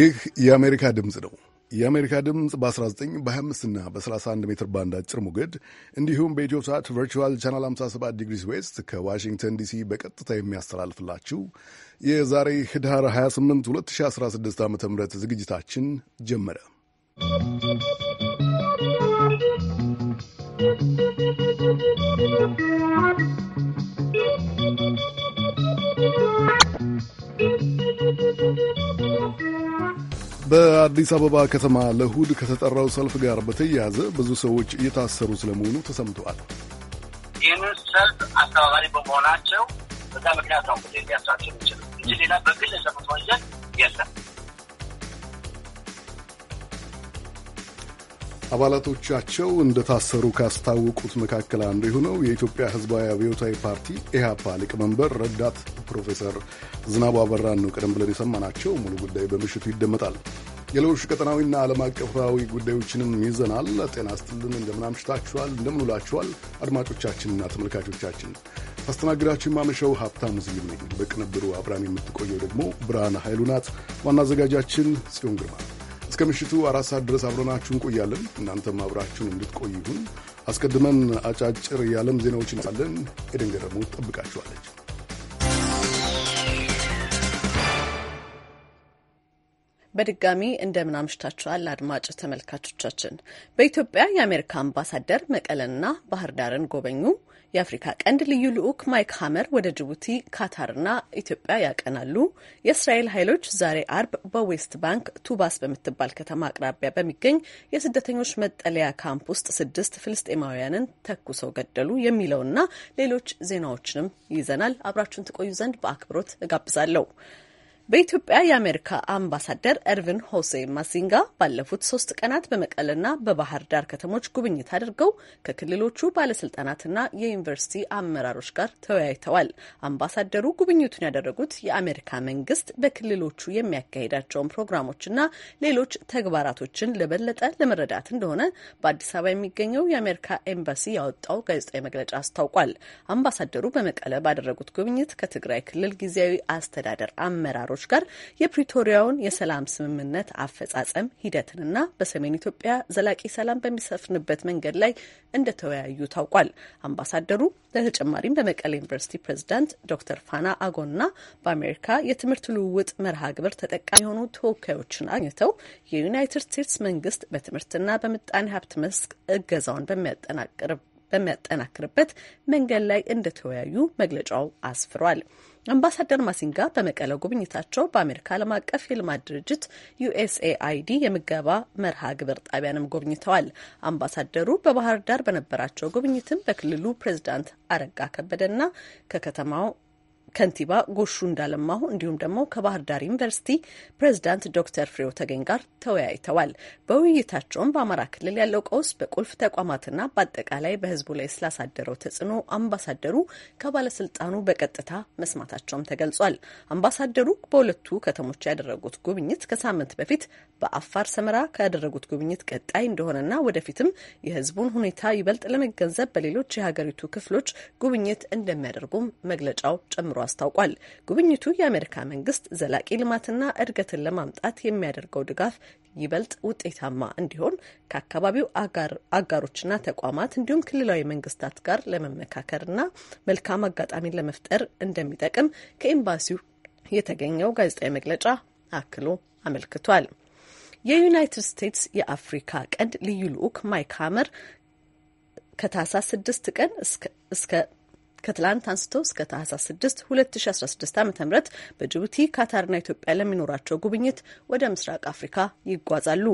ይህ የአሜሪካ ድምፅ ነው። የአሜሪካ ድምፅ በ19 በ25 እና በ31 ሜትር ባንድ አጭር ሞገድ እንዲሁም በኢትዮ ሳት ቨርቹዋል ቻናል 57 ዲግሪስ ዌስት ከዋሽንግተን ዲሲ በቀጥታ የሚያስተላልፍላችሁ የዛሬ ህዳር 28 2016 ዓ ም ዝግጅታችን ጀመረ። በአዲስ አበባ ከተማ ለእሁድ ከተጠራው ሰልፍ ጋር በተያያዘ ብዙ ሰዎች እየታሰሩ ስለመሆኑ ተሰምተዋል። ይህን ሰልፍ አስተባባሪ በመሆናቸው በዛ ምክንያት ነው ሊያሳቸው ይችላል እንጂ ሌላ በግል የሰሩት ወንጀል የለም። አባላቶቻቸው እንደታሰሩ ካስታወቁት መካከል አንዱ የሆነው የኢትዮጵያ ሕዝባዊ አብዮታዊ ፓርቲ ኢህአፓ ሊቀመንበር ረዳት ፕሮፌሰር ዝናቡ አበራን ነው ቀደም ብለን የሰማናቸው። ሙሉ ጉዳይ በምሽቱ ይደመጣል። የሌሎች ቀጠናዊና ዓለም አቀፋዊ ጉዳዮችንም ይዘናል። ጤና ስትልን እንደምናምሽታችኋል፣ እንደምንውላችኋል አድማጮቻችንና ተመልካቾቻችን ታስተናግዳችሁ ማመሻው ሀብታሙ ስዩም ነኝ። በቅንብሩ አብራን የምትቆየው ደግሞ ብርሃን ኃይሉ ናት። ዋና አዘጋጃችን ጽዮን ግርማ እስከ ምሽቱ አራት ሰዓት ድረስ አብረናችሁ እንቆያለን። እናንተም አብራችሁን እንድትቆይ ይሁን። አስቀድመን አጫጭር የዓለም ዜናዎችን ሳለን ኤደን ገረሙ ጠብቃችኋለች። በድጋሚ እንደምን አምሽታችኋል አድማጭ ተመልካቾቻችን። በኢትዮጵያ የአሜሪካ አምባሳደር መቀለንና ባህር ዳርን ጎበኙ። የአፍሪካ ቀንድ ልዩ ልዑክ ማይክ ሀመር ወደ ጅቡቲ፣ ካታርና ኢትዮጵያ ያቀናሉ። የእስራኤል ኃይሎች ዛሬ አርብ በዌስት ባንክ ቱባስ በምትባል ከተማ አቅራቢያ በሚገኝ የስደተኞች መጠለያ ካምፕ ውስጥ ስድስት ፍልስጤማውያንን ተኩሰው ገደሉ የሚለውና ሌሎች ዜናዎችንም ይዘናል። አብራችሁን ትቆዩ ዘንድ በአክብሮት እጋብዛለሁ። በኢትዮጵያ የአሜሪካ አምባሳደር እርቪን ሆሴ ማሲንጋ ባለፉት ሶስት ቀናት በመቀለና በባህር ዳር ከተሞች ጉብኝት አድርገው ከክልሎቹ ባለስልጣናትና የዩኒቨርሲቲ አመራሮች ጋር ተወያይተዋል። አምባሳደሩ ጉብኝቱን ያደረጉት የአሜሪካ መንግስት በክልሎቹ የሚያካሄዳቸውን ፕሮግራሞችና ሌሎች ተግባራቶችን ለበለጠ ለመረዳት እንደሆነ በአዲስ አበባ የሚገኘው የአሜሪካ ኤምባሲ ያወጣው ጋዜጣዊ መግለጫ አስታውቋል። አምባሳደሩ በመቀለ ባደረጉት ጉብኝት ከትግራይ ክልል ጊዜያዊ አስተዳደር አመራሮች ሀገሮች ጋር የፕሪቶሪያውን የሰላም ስምምነት አፈጻጸም ሂደትንና በሰሜን ኢትዮጵያ ዘላቂ ሰላም በሚሰፍንበት መንገድ ላይ እንደተወያዩ ታውቋል። አምባሳደሩ በተጨማሪም በመቀሌ ዩኒቨርሲቲ ፕሬዝዳንት ዶክተር ፋና አጎና በአሜሪካ የትምህርት ልውውጥ መርሃ ግብር ተጠቃሚ የሆኑ ተወካዮችን አግኝተው የዩናይትድ ስቴትስ መንግስት በትምህርትና በምጣኔ ሀብት መስክ እገዛውን በሚያጠናቅርብ በሚያጠናክርበት መንገድ ላይ እንደተወያዩ መግለጫው አስፍሯል። አምባሳደር ማሲንጋ በመቀለ ጉብኝታቸው በአሜሪካ ዓለም አቀፍ የልማት ድርጅት ዩኤስኤአይዲ የምገባ መርሃ ግብር ጣቢያንም ጎብኝተዋል። አምባሳደሩ በባህር ዳር በነበራቸው ጉብኝትም በክልሉ ፕሬዚዳንት አረጋ ከበደና ከከተማው ከንቲባ ጎሹ እንዳለማሁ እንዲሁም ደግሞ ከባህር ዳር ዩኒቨርሲቲ ፕሬዚዳንት ዶክተር ፍሬው ተገኝ ጋር ተወያይተዋል። በውይይታቸውም በአማራ ክልል ያለው ቀውስ በቁልፍ ተቋማትና በአጠቃላይ በሕዝቡ ላይ ስላሳደረው ተጽዕኖ አምባሳደሩ ከባለስልጣኑ በቀጥታ መስማታቸውም ተገልጿል። አምባሳደሩ በሁለቱ ከተሞች ያደረጉት ጉብኝት ከሳምንት በፊት በአፋር ሰመራ ካደረጉት ጉብኝት ቀጣይ እንደሆነና ወደፊትም የሕዝቡን ሁኔታ ይበልጥ ለመገንዘብ በሌሎች የሀገሪቱ ክፍሎች ጉብኝት እንደሚያደርጉም መግለጫው ጨምሯል። አስታውቋል። ጉብኝቱ የአሜሪካ መንግስት ዘላቂ ልማትና እድገትን ለማምጣት የሚያደርገው ድጋፍ ይበልጥ ውጤታማ እንዲሆን ከአካባቢው አጋሮችና ተቋማት እንዲሁም ክልላዊ መንግስታት ጋር ለመመካከርና መልካም አጋጣሚን ለመፍጠር እንደሚጠቅም ከኤምባሲው የተገኘው ጋዜጣዊ መግለጫ አክሎ አመልክቷል። የዩናይትድ ስቴትስ የአፍሪካ ቀንድ ልዩ ልዑክ ማይክ ሀመር ከታህሳስ ስድስት ቀን እስከ ከትላንት አንስቶ እስከ ታህሳስ 6 2016 ዓ ም በጅቡቲ ካታርና ኢትዮጵያ ለሚኖራቸው ጉብኝት ወደ ምስራቅ አፍሪካ ይጓዛሉ።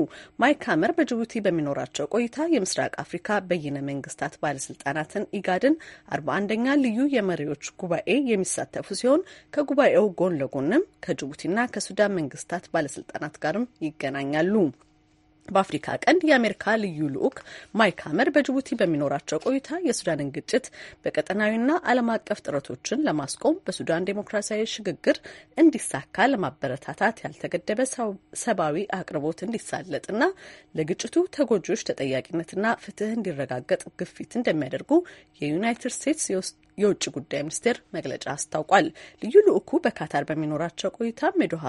ማይክ ሀመር በጅቡቲ በሚኖራቸው ቆይታ የምስራቅ አፍሪካ በይነ መንግስታት ባለስልጣናትን ኢጋድን 41ኛ ልዩ የመሪዎች ጉባኤ የሚሳተፉ ሲሆን ከጉባኤው ጎን ለጎንም ከጅቡቲና ከሱዳን መንግስታት ባለስልጣናት ጋርም ይገናኛሉ። በአፍሪካ ቀንድ የአሜሪካ ልዩ ልዑክ ማይክ ሀመር በጅቡቲ በሚኖራቸው ቆይታ የሱዳንን ግጭት በቀጠናዊና ዓለም አቀፍ ጥረቶችን ለማስቆም በሱዳን ዴሞክራሲያዊ ሽግግር እንዲሳካ ለማበረታታት ያልተገደበ ሰብአዊ አቅርቦት እንዲሳለጥና ለግጭቱ ተጎጂዎች ተጠያቂነትና ፍትህ እንዲረጋገጥ ግፊት እንደሚያደርጉ የዩናይትድ ስቴትስ የውጭ ጉዳይ ሚኒስቴር መግለጫ አስታውቋል። ልዩ ልዑኩ በካታር በሚኖራቸው ቆይታም የዶሃ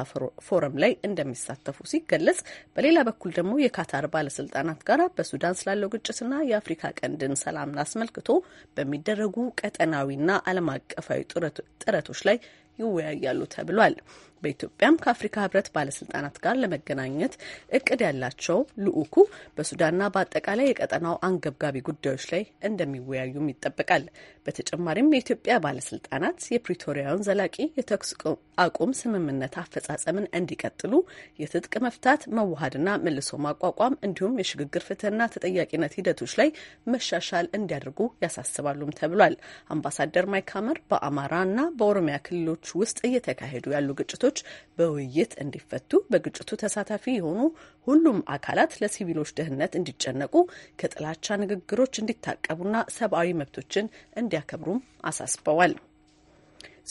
ፎረም ላይ እንደሚሳተፉ ሲገለጽ፣ በሌላ በኩል ደግሞ የካታር ባለስልጣናት ጋር በሱዳን ስላለው ግጭትና የአፍሪካ ቀንድን ሰላም አስመልክቶ በሚደረጉ ቀጠናዊና ዓለም አቀፋዊ ጥረቶች ላይ ይወያያሉ ተብሏል። በኢትዮጵያም ከአፍሪካ ህብረት ባለስልጣናት ጋር ለመገናኘት እቅድ ያላቸው ልዑኩ በሱዳንና በአጠቃላይ የቀጠናው አንገብጋቢ ጉዳዮች ላይ እንደሚወያዩም ይጠበቃል። በተጨማሪም የኢትዮጵያ ባለስልጣናት የፕሪቶሪያውን ዘላቂ የተኩስ አቁም ስምምነት አፈጻጸምን እንዲቀጥሉ የትጥቅ መፍታት፣ መዋሃድና መልሶ ማቋቋም እንዲሁም የሽግግር ፍትህና ተጠያቂነት ሂደቶች ላይ መሻሻል እንዲያደርጉ ያሳስባሉም ተብሏል። አምባሳደር ማይክ ሀመር በአማራና በኦሮሚያ ክልሎች ውስጥ እየተካሄዱ ያሉ ግጭቶች ግጭቶች በውይይት እንዲፈቱ፣ በግጭቱ ተሳታፊ የሆኑ ሁሉም አካላት ለሲቪሎች ደህንነት እንዲጨነቁ፣ ከጥላቻ ንግግሮች እንዲታቀቡና ሰብአዊ መብቶችን እንዲያከብሩም አሳስበዋል።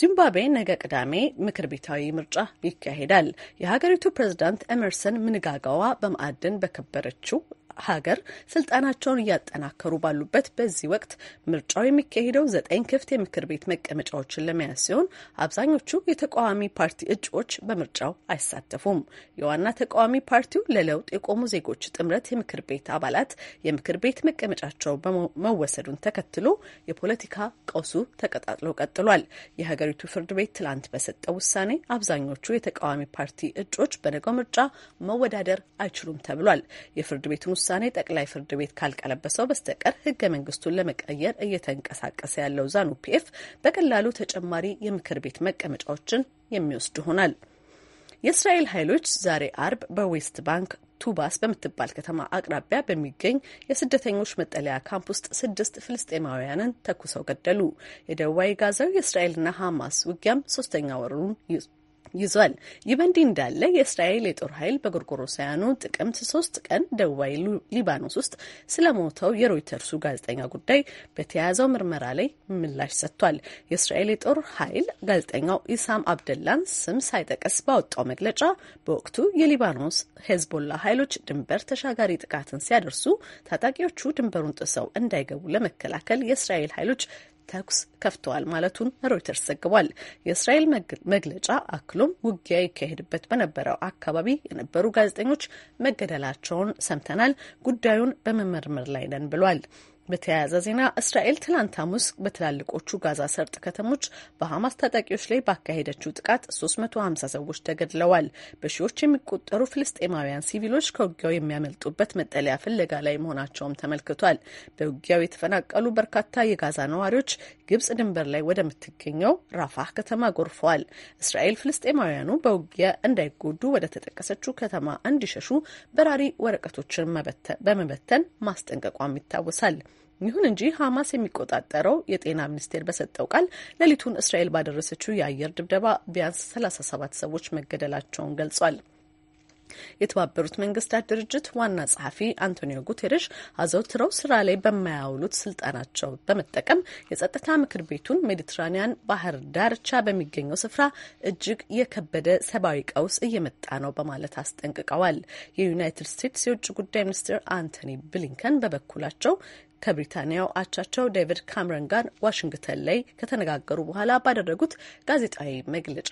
ዚምባብዌ ነገ ቅዳሜ ምክር ቤታዊ ምርጫ ይካሄዳል። የሀገሪቱ ፕሬዝዳንት ኤመርሰን ምንጋጋዋ በማዕድን በከበረችው ሀገር ስልጣናቸውን እያጠናከሩ ባሉበት በዚህ ወቅት ምርጫው የሚካሄደው ዘጠኝ ክፍት የምክር ቤት መቀመጫዎችን ለመያዝ ሲሆን አብዛኞቹ የተቃዋሚ ፓርቲ እጩዎች በምርጫው አይሳተፉም። የዋና ተቃዋሚ ፓርቲው ለለውጥ የቆሙ ዜጎች ጥምረት የምክር ቤት አባላት የምክር ቤት መቀመጫቸው መወሰዱን ተከትሎ የፖለቲካ ቀውሱ ተቀጣጥሎ ቀጥሏል። የሀገሪቱ ፍርድ ቤት ትላንት በሰጠው ውሳኔ አብዛኞቹ የተቃዋሚ ፓርቲ እጩዎች በነገው ምርጫ መወዳደር አይችሉም ተብሏል። የፍርድ ቤቱን ውሳኔ ጠቅላይ ፍርድ ቤት ካልቀለበሰው በስተቀር ህገ መንግስቱን ለመቀየር እየተንቀሳቀሰ ያለው ዛኑ ፒኤፍ በቀላሉ ተጨማሪ የምክር ቤት መቀመጫዎችን የሚወስድ ይሆናል። የእስራኤል ኃይሎች ዛሬ አርብ በዌስት ባንክ ቱባስ በምትባል ከተማ አቅራቢያ በሚገኝ የስደተኞች መጠለያ ካምፕ ውስጥ ስድስት ፍልስጤማውያንን ተኩሰው ገደሉ። የደቡባዊ ጋዛው የእስራኤልና ሐማስ ውጊያም ሶስተኛ ወሩን ይዟል። ይህ በእንዲህ እንዳለ የእስራኤል የጦር ኃይል በጎርጎሮሳውያኑ ጥቅምት ሶስት ቀን ደቡባዊ ሊባኖስ ውስጥ ስለሞተው የሮይተርሱ ጋዜጠኛ ጉዳይ በተያያዘው ምርመራ ላይ ምላሽ ሰጥቷል። የእስራኤል የጦር ኃይል ጋዜጠኛው ኢሳም አብደላን ስም ሳይጠቀስ ባወጣው መግለጫ በወቅቱ የሊባኖስ ሄዝቦላ ኃይሎች ድንበር ተሻጋሪ ጥቃትን ሲያደርሱ ታጣቂዎቹ ድንበሩን ጥሰው እንዳይገቡ ለመከላከል የእስራኤል ኃይሎች ተኩስ ከፍተዋል ማለቱን ሮይተርስ ዘግቧል። የእስራኤል መግለጫ አክሎም ውጊያ ይካሄድበት በነበረው አካባቢ የነበሩ ጋዜጠኞች መገደላቸውን ሰምተናል፣ ጉዳዩን በመመርመር ላይ ነን ብሏል። በተያያዘ ዜና እስራኤል ትላንት ሐሙስ በትላልቆቹ ጋዛ ሰርጥ ከተሞች በሐማስ ታጣቂዎች ላይ ባካሄደችው ጥቃት 350 ሰዎች ተገድለዋል። በሺዎች የሚቆጠሩ ፍልስጤማውያን ሲቪሎች ከውጊያው የሚያመልጡበት መጠለያ ፍለጋ ላይ መሆናቸውም ተመልክቷል። በውጊያው የተፈናቀሉ በርካታ የጋዛ ነዋሪዎች ግብጽ ድንበር ላይ ወደምትገኘው ራፋህ ከተማ ጎርፈዋል። እስራኤል ፍልስጤማውያኑ በውጊያ እንዳይጎዱ ወደ ተጠቀሰችው ከተማ እንዲሸሹ በራሪ ወረቀቶችን በመበተን ማስጠንቀቋም ይታወሳል። ይሁን እንጂ ሐማስ የሚቆጣጠረው የጤና ሚኒስቴር በሰጠው ቃል ሌሊቱን እስራኤል ባደረሰችው የአየር ድብደባ ቢያንስ 37 ሰዎች መገደላቸውን ገልጿል። የተባበሩት መንግስታት ድርጅት ዋና ጸሐፊ አንቶኒዮ ጉቴሬሽ አዘውትረው ስራ ላይ በማያውሉት ስልጣናቸው በመጠቀም የጸጥታ ምክር ቤቱን ሜዲትራኒያን ባህር ዳርቻ በሚገኘው ስፍራ እጅግ የከበደ ሰብአዊ ቀውስ እየመጣ ነው በማለት አስጠንቅቀዋል። የዩናይትድ ስቴትስ የውጭ ጉዳይ ሚኒስትር አንቶኒ ብሊንከን በበኩላቸው ከብሪታንያው አቻቸው ዴቪድ ካምረን ጋር ዋሽንግተን ላይ ከተነጋገሩ በኋላ ባደረጉት ጋዜጣዊ መግለጫ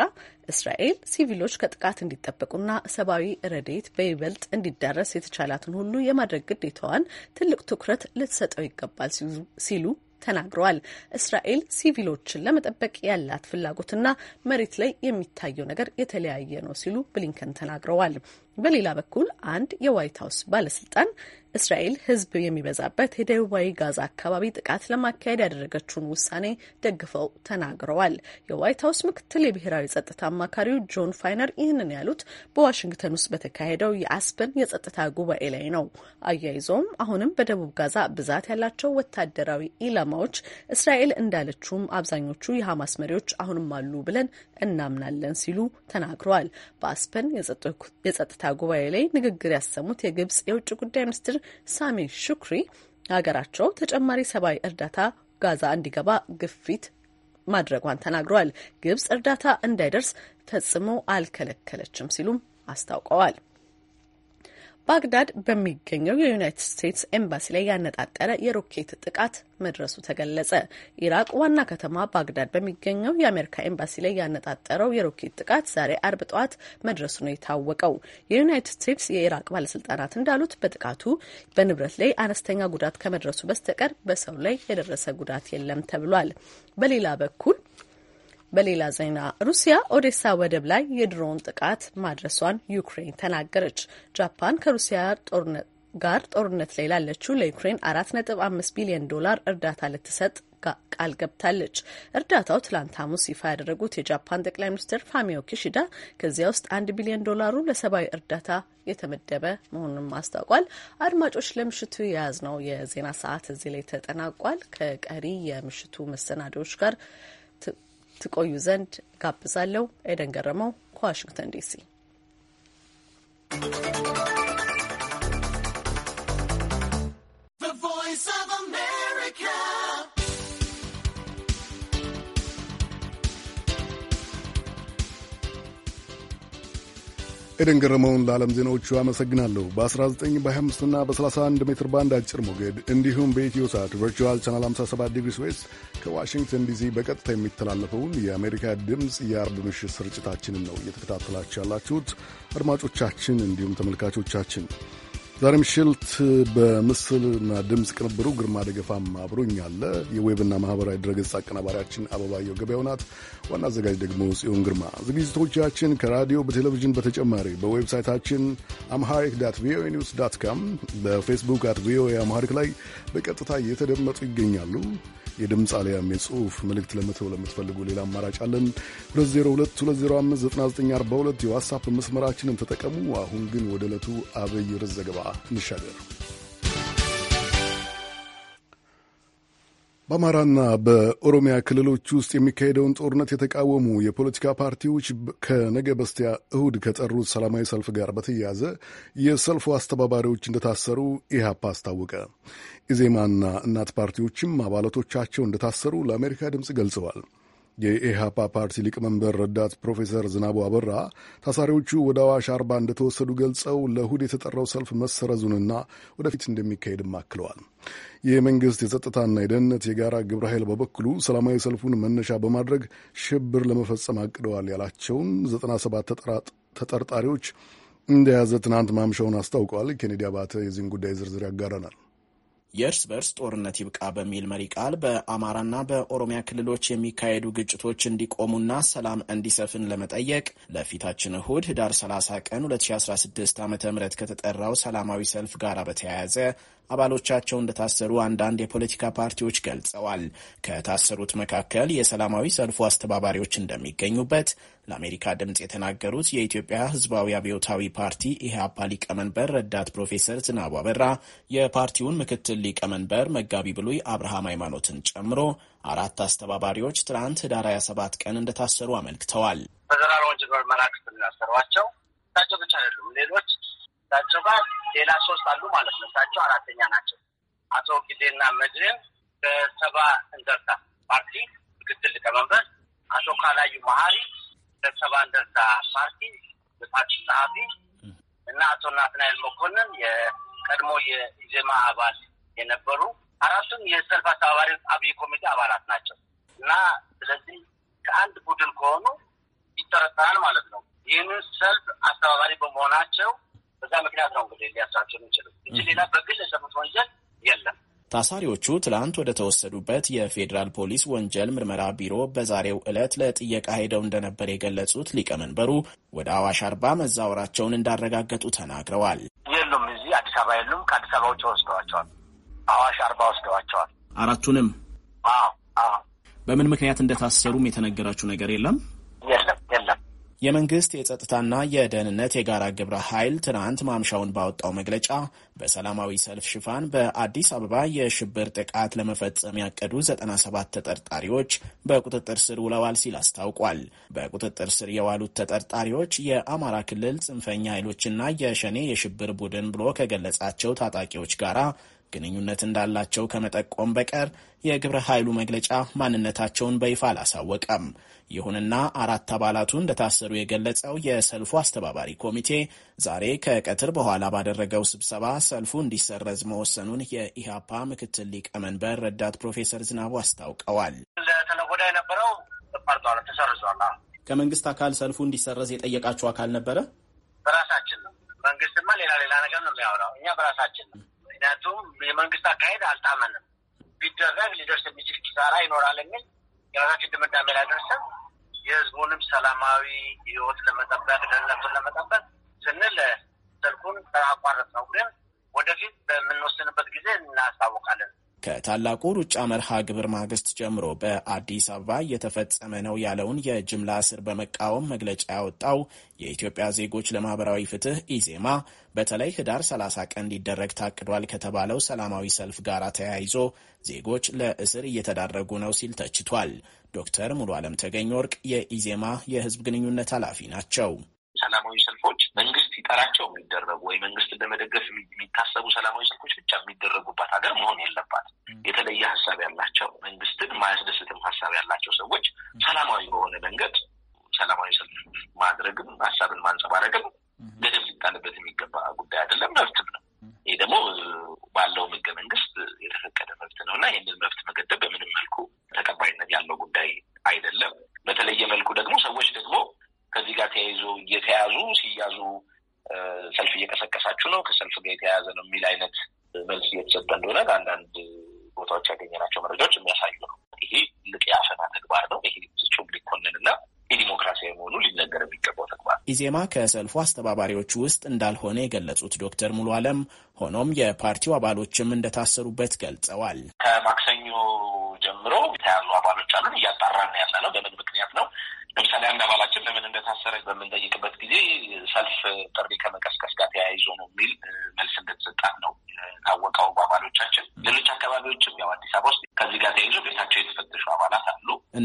እስራኤል ሲቪሎች ከጥቃት እንዲጠበቁና ሰብአዊ ረዴት በይበልጥ እንዲዳረስ የተቻላትን ሁሉ የማድረግ ግዴታዋን ትልቅ ትኩረት ልትሰጠው ይገባል ሲሉ ተናግረዋል። እስራኤል ሲቪሎችን ለመጠበቅ ያላት ፍላጎትና መሬት ላይ የሚታየው ነገር የተለያየ ነው ሲሉ ብሊንከን ተናግረዋል። በሌላ በኩል አንድ የዋይት ሀውስ ባለስልጣን እስራኤል ህዝብ የሚበዛበት የደቡባዊ ጋዛ አካባቢ ጥቃት ለማካሄድ ያደረገችውን ውሳኔ ደግፈው ተናግረዋል። የዋይት ሀውስ ምክትል የብሔራዊ ጸጥታ አማካሪው ጆን ፋይነር ይህንን ያሉት በዋሽንግተን ውስጥ በተካሄደው የአስፐን የጸጥታ ጉባኤ ላይ ነው። አያይዘውም አሁንም በደቡብ ጋዛ ብዛት ያላቸው ወታደራዊ ኢላማዎች እስራኤል እንዳለችውም አብዛኞቹ የሐማስ መሪዎች አሁንም አሉ ብለን እናምናለን ሲሉ ተናግረዋል። በአስፐን የጸጥታ የጸጥታ ጉባኤ ላይ ንግግር ያሰሙት የግብጽ የውጭ ጉዳይ ሚኒስትር ሳሚ ሹክሪ ሀገራቸው ተጨማሪ ሰብአዊ እርዳታ ጋዛ እንዲገባ ግፊት ማድረጓን ተናግረዋል። ግብጽ እርዳታ እንዳይደርስ ፈጽሞ አልከለከለችም ሲሉም አስታውቀዋል። ባግዳድ በሚገኘው የዩናይትድ ስቴትስ ኤምባሲ ላይ ያነጣጠረ የሮኬት ጥቃት መድረሱ ተገለጸ። ኢራቅ ዋና ከተማ ባግዳድ በሚገኘው የአሜሪካ ኤምባሲ ላይ ያነጣጠረው የሮኬት ጥቃት ዛሬ አርብ ጠዋት መድረሱ ነው የታወቀው። የዩናይትድ ስቴትስ የኢራቅ ባለስልጣናት እንዳሉት በጥቃቱ በንብረት ላይ አነስተኛ ጉዳት ከመድረሱ በስተቀር በሰው ላይ የደረሰ ጉዳት የለም ተብሏል። በሌላ በኩል በሌላ ዜና ሩሲያ ኦዴሳ ወደብ ላይ የድሮን ጥቃት ማድረሷን ዩክሬን ተናገረች። ጃፓን ከሩሲያ ጦርነት ጋር ጦርነት ላይ ላለችው ለዩክሬን አራት ነጥብ አምስት ቢሊዮን ዶላር እርዳታ ልትሰጥ ቃል ገብታለች። እርዳታው ትላንት ሐሙስ ይፋ ያደረጉት የጃፓን ጠቅላይ ሚኒስትር ፋሚዮ ኪሽዳ ከዚያ ውስጥ አንድ ቢሊዮን ዶላሩ ለሰብአዊ እርዳታ የተመደበ መሆኑንም አስታውቋል። አድማጮች፣ ለምሽቱ የያዝነው የዜና ሰዓት እዚህ ላይ ተጠናቋል። ከቀሪ የምሽቱ መሰናዶዎች ጋር ትቆዩ ዘንድ ጋብዛለሁ። ኤደን ገረመው ከዋሽንግተን ዲሲ ኤደን ገረመውን ለዓለም ዜናዎቹ አመሰግናለሁ። በ19 25 በ31 ሜትር ባንድ አጭር ሞገድ እንዲሁም በኢትዮ ሳት ቨርቹዋል ቻናል 57 ዲግሪ ስዌስት ከዋሽንግተን ዲሲ በቀጥታ የሚተላለፈውን የአሜሪካ ድምፅ የአርብ ምሽት ስርጭታችንን ነው እየተከታተላችሁ ያላችሁት አድማጮቻችን፣ እንዲሁም ተመልካቾቻችን ዛሬ ምሽልት በምስልና ድምፅ ቅንብሩ ግርማ ደገፋም አለ። የዌብና ማህበራዊ ድረገጽ አቀናባሪያችን አበባየው ገበያው ናት። ዋና አዘጋጅ ደግሞ ጽዮን ግርማ። ዝግጅቶቻችን ከራዲዮ በቴሌቪዥን በተጨማሪ በዌብሳይታችን አምሃሪክ ዳት ቪኦኤ ኒውስ ዳት ካም፣ በፌስቡክ አት ቪኦኤ አምሃሪክ ላይ በቀጥታ እየተደመጡ ይገኛሉ። የድምፅ አሊያም የጽሁፍ መልእክት ለመተው ለምትፈልጉ ሌላ አማራጭ አለን። 2022059942 የዋትሳፕ መስመራችንን ተጠቀሙ። አሁን ግን ወደ ዕለቱ አብይ ርዕስ ዘገባ እንሻገር። በአማራና በኦሮሚያ ክልሎች ውስጥ የሚካሄደውን ጦርነት የተቃወሙ የፖለቲካ ፓርቲዎች ከነገ በስቲያ እሁድ ከጠሩት ሰላማዊ ሰልፍ ጋር በተያያዘ የሰልፉ አስተባባሪዎች እንደታሰሩ ኢህአፓ አስታወቀ። ኢዜማና እናት ፓርቲዎችም አባላቶቻቸው እንደታሰሩ ለአሜሪካ ድምፅ ገልጸዋል። የኢህአፓ ፓርቲ ሊቀመንበር ረዳት ፕሮፌሰር ዝናቡ አበራ ታሳሪዎቹ ወደ አዋሽ አርባ እንደተወሰዱ ገልጸው ለእሁድ የተጠራው ሰልፍ መሰረዙንና ወደፊት እንደሚካሄድም አክለዋል። የመንግስት የጸጥታና የደህንነት የጋራ ግብረ ኃይል በበኩሉ ሰላማዊ ሰልፉን መነሻ በማድረግ ሽብር ለመፈጸም አቅደዋል ያላቸውን 97 ተጠርጣሪዎች እንደያዘ ትናንት ማምሻውን አስታውቀዋል። ኬኔዲ አባተ የዚህን ጉዳይ ዝርዝር ያጋረናል። የእርስ በርስ ጦርነት ይብቃ በሚል መሪ ቃል በአማራና በኦሮሚያ ክልሎች የሚካሄዱ ግጭቶች እንዲቆሙና ሰላም እንዲሰፍን ለመጠየቅ ለፊታችን እሁድ ህዳር 30 ቀን 2016 ዓ ም ከተጠራው ሰላማዊ ሰልፍ ጋር በተያያዘ አባሎቻቸው እንደታሰሩ አንዳንድ የፖለቲካ ፓርቲዎች ገልጸዋል። ከታሰሩት መካከል የሰላማዊ ሰልፉ አስተባባሪዎች እንደሚገኙበት ለአሜሪካ ድምፅ የተናገሩት የኢትዮጵያ ሕዝባዊ አብዮታዊ ፓርቲ ኢህአፓ ሊቀመንበር ረዳት ፕሮፌሰር ዝናቡ አበራ የፓርቲውን ምክትል ሊቀመንበር መጋቢ ብሉይ አብርሃም ሃይማኖትን ጨምሮ አራት አስተባባሪዎች ትናንት ህዳር 27 ቀን እንደታሰሩ አመልክተዋል። በዘራራ ወንጀል ምርመራ ክፍል ያሰሯቸው ብቻ አይደሉም ሌሎች እሳቸው ጋር ሌላ ሶስት አሉ ማለት ነው። እሳቸው አራተኛ ናቸው። አቶ ጊዜና መድህን በሰባ እንደርታ ፓርቲ ምክትል ሊቀመንበር፣ አቶ ካላዩ መሀሪ በሰባ እንደርታ ፓርቲ የፓርቲ ጸሐፊ እና አቶ ናትናኤል መኮንን የቀድሞ የኢዜማ አባል የነበሩ አራቱም የሰልፍ አስተባባሪ አብይ ኮሚቴ አባላት ናቸው እና ስለዚህ ከአንድ ቡድን ከሆኑ ይጠረጠራል ማለት ነው። ይህንን ሰልፍ አስተባባሪ በመሆናቸው በዛ ምክንያት ነው እንግዲህ ሊያስራቸው የሚችሉ እንጂ ሌላ በግል የሰሩት ወንጀል የለም። ታሳሪዎቹ ትላንት ወደ ተወሰዱበት የፌዴራል ፖሊስ ወንጀል ምርመራ ቢሮ በዛሬው ዕለት ለጥየቃ ሄደው እንደነበር የገለጹት ሊቀመንበሩ ወደ አዋሽ አርባ መዛወራቸውን እንዳረጋገጡ ተናግረዋል። የሉም፣ እዚህ አዲስ አበባ የሉም። ከአዲስ አበባ ውጭ ወስደዋቸዋል። አዋሽ አርባ ወስደዋቸዋል። አራቱንም? አዎ። አዎ። በምን ምክንያት እንደታሰሩም የተነገራችሁ ነገር የለም? የለም፣ የለም። የመንግስት የጸጥታና የደህንነት የጋራ ግብረ ኃይል ትናንት ማምሻውን ባወጣው መግለጫ በሰላማዊ ሰልፍ ሽፋን በአዲስ አበባ የሽብር ጥቃት ለመፈጸም ያቀዱ 97 ተጠርጣሪዎች በቁጥጥር ስር ውለዋል ሲል አስታውቋል። በቁጥጥር ስር የዋሉት ተጠርጣሪዎች የአማራ ክልል ጽንፈኛ ኃይሎችና የሸኔ የሽብር ቡድን ብሎ ከገለጻቸው ታጣቂዎች ጋራ ግንኙነት እንዳላቸው ከመጠቆም በቀር የግብረ ኃይሉ መግለጫ ማንነታቸውን በይፋ አላሳወቀም። ይሁንና አራት አባላቱ እንደታሰሩ የገለጸው የሰልፉ አስተባባሪ ኮሚቴ ዛሬ ከቀትር በኋላ ባደረገው ስብሰባ ሰልፉ እንዲሰረዝ መወሰኑን የኢህአፓ ምክትል ሊቀመንበር ረዳት ፕሮፌሰር ዝናቡ አስታውቀዋል። ለተነጎዳ የነበረው ፓርቷ ተሰርዟል። ከመንግስት አካል ሰልፉ እንዲሰረዝ የጠየቃችሁ አካል ነበረ? በራሳችን ነው። መንግስትማ ሌላ ሌላ ነገር ነው የሚያወራው። እኛ በራሳችን ነው። ምክንያቱም የመንግስት አካሄድ አልጣመንም። ቢደረግ ሊደርስ የሚችል ኪሳራ ይኖራል የሚል የራሳችን ድምዳሜ ላይ ደርሰን የህዝቡንም ሰላማዊ ህይወት ለመጠበቅ ደህንነቱን ለመጠበቅ ስንል ስልኩን አቋረጥ ነው። ግን ወደፊት በምንወስንበት ጊዜ እናስታውቃለን። ከታላቁ ሩጫ መርሃ ግብር ማግስት ጀምሮ በአዲስ አበባ እየተፈጸመ ነው ያለውን የጅምላ እስር በመቃወም መግለጫ ያወጣው የኢትዮጵያ ዜጎች ለማህበራዊ ፍትህ ኢዜማ በተለይ ህዳር 30 ቀን ሊደረግ ታቅዷል ከተባለው ሰላማዊ ሰልፍ ጋር ተያይዞ ዜጎች ለእስር እየተዳረጉ ነው ሲል ተችቷል። ዶክተር ሙሉ አለም ተገኝ ወርቅ የኢዜማ የህዝብ ግንኙነት ኃላፊ ናቸው። ሰላማዊ ሰልፎች መንግስት ይጠራቸው የሚደረጉ ወይ መንግስትን ለመደገፍ የሚታሰቡ ሰላማዊ ሰልፎች ብቻ የሚደረጉባት ሀገር መሆን የለባት። የተለየ ሀሳብ ያላቸው መንግስትን ማያስደስትም ሀሳብ ያላቸው ሰዎች ሰላማዊ በሆነ መንገድ ሰላማዊ ሰልፍ ማድረግም ሀሳብን ማንጸባረቅም ምንም ሊጣልበት የሚገባ ጉዳይ አይደለም፣ መብትም ነው። ይህ ደግሞ ባለው ህገ መንግስት የተፈቀደ መብት ነው እና ይህንን መብት መገደብ በምንም መልኩ ተቀባይነት ያለው ጉዳይ አይደለም። በተለየ መልኩ ደግሞ ሰዎች ደግሞ ከዚህ ጋር ተያይዞ እየተያዙ ሲያዙ ሰልፍ እየቀሰቀሳችሁ ነው ከሰልፍ ጋር የተያያዘ ነው የሚል አይነት መልስ እየተሰጠ እንደሆነ በአንዳንድ ቦታዎች ያገኘናቸው መረጃዎች የሚያሳዩ ነው። ይሄ ልቅ የአፈና ተግባር ነው። ይሄ ፍጹም ሊኮንን እና የዲሞክራሲያዊ መሆኑ ሊነገር የሚገባው ተግባር ኢዜማ ከሰልፉ አስተባባሪዎች ውስጥ እንዳልሆነ የገለጹት ዶክተር ሙሉ አለም ሆኖም የፓርቲው አባሎችም እንደታሰሩበት ገልጸዋል። ከማክሰኞ ጀምሮ የተያዙ አባሎች አሉን እያጣራን ነው ያለ ነው። በምን ምክንያት ነው ለምሳሌ አንድ አባላችን ለምን እንደታሰረ በምንጠይቅበት ጊዜ ሰልፍ